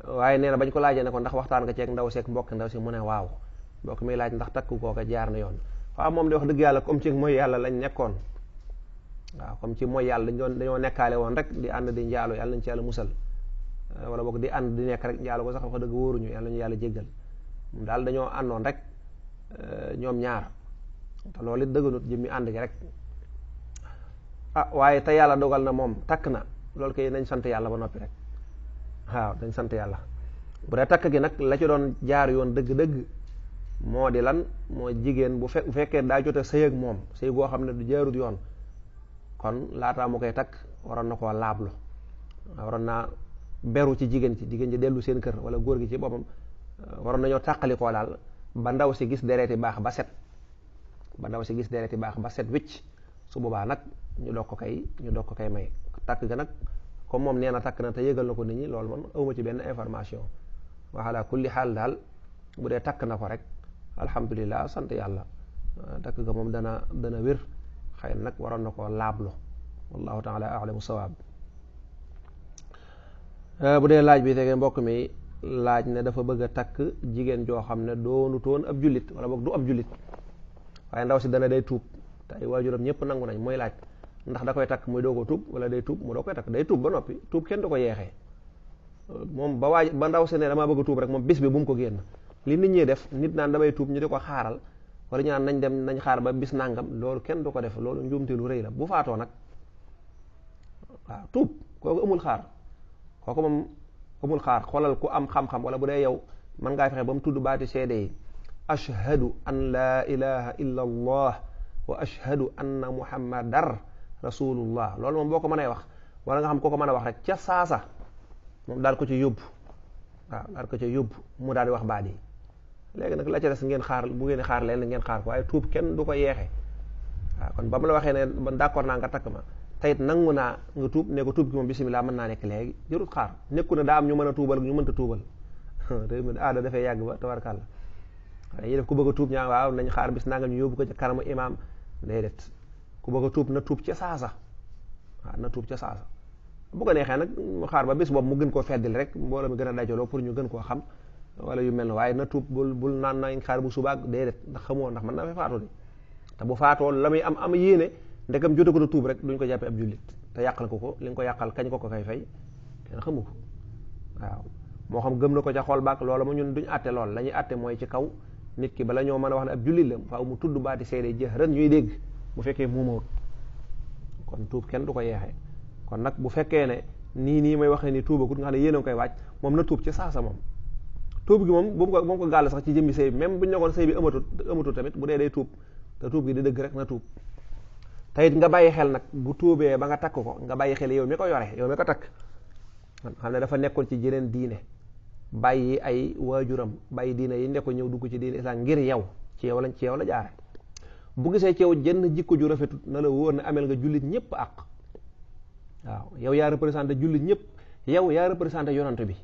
waaye nee na bañ ko laajee ne ko ndax waxtaan nga ceeg ndaw seeg mbokk ndaw si mu ne waaw mbokk mi laaj ndax takk kooka jaar na yoon waaw moom di wax dëgg yàlla comme ci mooy yàlla lañ nekkoon waaw comme ci mooy yàlla dañoo dañoo nekkaale woon rek di ànd di njaalo yàlla nañ ci yàlla musal eh, wala boog di ànd di nekk rek njaalo ko sax wax dëgg yàlla nañu yàlla jéggal daal dañoo àndoon rek eh, ñoom ñaar te lool it dëgganut jëmmi ànd gi rek ah waaye te yàlla dogal na moom takk na loolu kay nañ sant yàlla ba noppi rek waaw dañ sant yàlla bu dee takk gi nag la ci doon jaar yoon dëgg-dëgg moo di lan moo jigéen bu fekkee daa jote sëy ak moom sëy goo xam ne du jaarut yoon kon laataa mu koy takk waroon na koo laablu waroon naa beru ci jigéen ci jigéen ci dellu seen kër wala góor gi ci boppam waroon nañoo tàqali koo daal ba ndaw si gis dereeti baax ba set ba ndaw si gis dereti baax ba set wicc su boobaa nag ñu doog ko kay ñu doog ko kay may takk ga nag comme moom nee na takk na te yëgal na ko nit ñi loolu man awma ci benn information waxala kulli xaal daal bu dee takk na ko rek alhamdulilah sant yàlla ah, takk ga moom dana dana wér xëy nag waroon na koo laablu wallahu taala alamu sawaab ah, bu dee laaj bi tegee mbokk mi laaj ne dafa bëgg a takk jigéen joo xam ne doonu toon ab jullit wala boog du ab jullit waaye ndaw si dana day tuub te ay waajuram ñëpp nangu nañ mooy laaj ndax da koy takk muy doo ko tuub wala day tuub mu doo koy takk day tuub ba noppi tuub kenn du ko yeexee moom ba waaj ba ndaw si ne damaa bëgg tuub rek moom bis bi bu mu ko génn li nit ñi def nit naan damay tuub ñu di ko xaaral wala ñu naan nañ dem nañ xaar ba bis nangam loolu kenn du ko def loolu njuumte lu rëy la bu faatoo nag waaw tuub kooku amul xaar kooku moom amul xaar xoolal ku am xam wala bu dee yow mën ngaa fexe ba mu tudd baati seede yi ashhadu an laa ilaha illa allah wa ashhadu anna muhammadar rasulullah loolu moom boo ko mënee wax wala nga xam koo ko mën a wax rek ca saasa moom daal ko ci yóbbu waaw daal ko ci yóbbu mu daal di wax baat yi léegi nag la ca des ngeen xaar bu ngeen xaar leen ngeen xaar ko waaye tuub kenn du ko yeexe waaw kon ba la waxee ne man d'accord naa nga takk ma tayit nangu naa nga tuub ne ko tuub gi moom bisimilah mën naa nekk léegi jërut xaar nekku na daa am ñu mën a tuubal ñu mënta tuubal réew mi aada ah, dafay yàgg ba tabarkàlla dañuy def ku bëgg a ñaa waaw nañ xaar bis nangam ñu yóbbu ko ca kanamu imaam déedéet ku bëgg a tuub na tuub ca saasa waaw na tuub ca saasa bu ko neexee nag mu xaar ba bis boobu mu gën koo feddil rek mbooloo mi gën a dajaloo pour ñu gën koo xam wala yu mel ne waaye na tuub bul bul naan nañ xaar bu subaak déedéet ndax xamoo ndax mën na fa faatu de te bu faatoo la muy am am yéene ndekam jote ko na tuub rek duñ ko jàppee ab jullit te yàqal ko ko li nga ko yàqal kañ ko ko kay fay kenn xamu ko moo xam gëm na ko ca xol baak loola ma ñun duñ àtte lool la ñuy àtte mooy ci kaw nit ki bala ñoo mën a wax ne ab jullit la faaw mu tudd baati seede ren ñuy dégg bu fekkee muumawut kon tuub kenn du ko yeexee kon nag bu fekkee ne nii nii may waxee ni tuubakut nga xam ne yéen a koy waaj moom na tuub ci saasa moom tuub gi moom bu ko bu ko gàll sax ci jëmmi sëy bi même bu ñu nekkoon bi ëmmatut ëmmatut tamit bu dee day tuub te tuub gi di dëgg rek na tuub te it nga bàyyi xel nag bu tuubee ba nga takk ko nga bàyyi xel yow mi ko yore yow mi ko takk xam ne dafa nekkoon ci jeneen diine bàyyi ay waajuram bàyyi diina yi ndeko ñëw dugg ci diina islam ngir yow ci yow lañ ci yow la jaare bu gisee ci yow jenn jikko ju rafetut na la wóor ne amel nga jullit ñëpp àq waaw yow yaa représenté jullit ñëpp yow yaa représenté yonant bi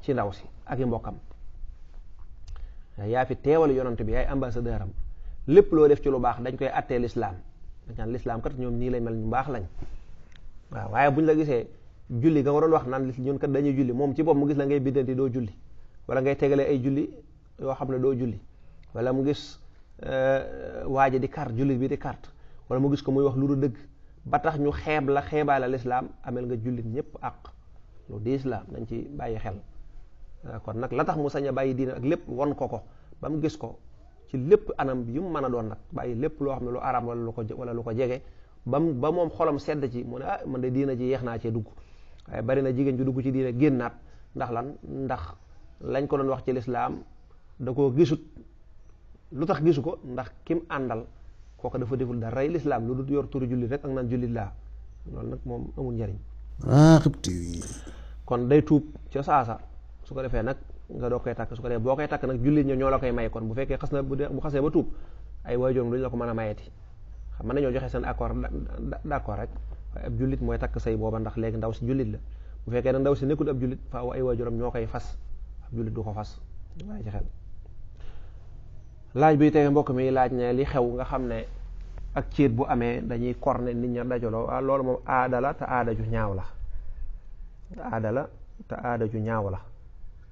ci ndaw si ak i mbokkam yaa fi teewal yonant bi yaay ambassadeur am lépp loo def ci lu baax dañ koy attee lislaam dañ naan lislaam kat ñoom nii lañ mel ñu baax lañ waaw waaye buñ la gisee julli nga waroon wax naan li si ñun kat dañuy julli moom ci bopp mu gis la ngay biddanti doo julli wala ngay tegale ay julli yoo xam ne doo julli wala mu gis euh, waaja di carte julli bi di carte wala mu gis ko muy wax lu du dëgg ba tax ñu xeeb la xeebaale lislaam amel nga jullit ñëpp àq lu diis la nañ ci bàyyi xel euh, kon nag la tax mu sañ a bàyyi diine ak lépp won ko ko ba mu gis ko ci lépp anam bi yu mu mën a doon nag bàyyi lépp loo xam ne lu araam wala lu ko wala lu ko jege ba mu ba moom xolam sedd ci mu ne ah man de diina ji yeex naa cee dugg waaye bari na jigéen ju dugg ci diine génnaat ndax lan ndax lañ ko doon wax ci lislaam da koo gisut lu tax gisu ko ndax kim àndal kooku dafa deful da rey lislaam lu dul yor turu jullit rek ak naan jullit laa loolu nag moom amul njariñ ah, kon day tuub ca saasa su ko defee nag nga doo koy takk su ko defee boo koy takk nag jullit ñoo ñoo la koy may kon bu fekkee xas na bu xasee ba tuub ay waajuram duñ la ko mën a mayeti xam mën nañoo joxe seen accord d'accord rek waaye ab jullit mooy takk say booba ndax léegi ndaw si jullit la bu fekkee ne ndaw si nekkul ab jullit faaw ay waajuram ñoo koy fas ab jullit du ko fas waaye ci xel laaj mbokk mi laaj ne li xew nga xam ne ak céet bu amee dañuy korne nit ña dajaloo ah loolu moom aada te aada ju ñaaw la aada la te aada ju ñaaw la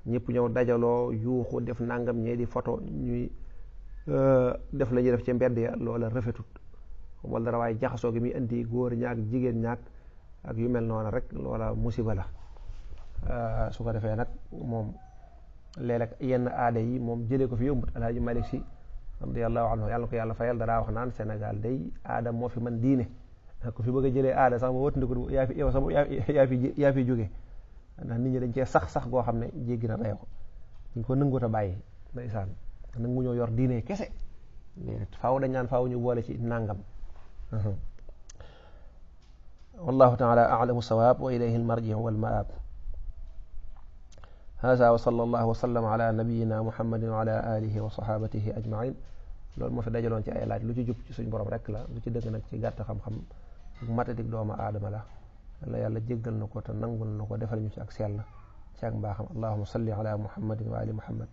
ñëpp ñëw dajaloo yuuxu def nangam ñee di foto ñuy euh, def la ñuy def ci mbedd ya loola rafetut xamal dara waaye jaxasoo gi mi indi góor ñaak jigéen ñaak ak yu mel noonu rek loola musiba la ah, su ko defee nag moom léeg-léeg yenn aada yi moom jëlee ko fi yombut alaaji malik si radiyallahu anhu yàlla ko yàlla fayal daraa wax naan Sénégal day aada moo fi man diine ku fi bëgg a jëlee aada sax moo wët ndiku yaa fi yow sax yaa fi yaa fi jóge cee sax sax goo xam ne jéggi na rey ko ñu ko nanguwut a bàyyi ndeysaan nangu ñoo yor diine kese faaw dañ naan faaw ñu boole ci nàngam Uh-huh. wallahu taala alamu sawaab wa ilayhi almarjiu walmaab hasa wa sallallahu wa sallam ala nabiyina muhammadin wa ala alihi wa sahabatihi ajmain loolu moo fi dajaloon ci ay laaj lu ci jub ci suñ borom rek la lu ci dëgg nag ci gàtt xam-xam matatik doomu aadama la la yàlla jéggal na ko te nangul na ko defal ñu ci ak sell ci ak mbaaxam allahuma salli ala muhammadin wa muhammad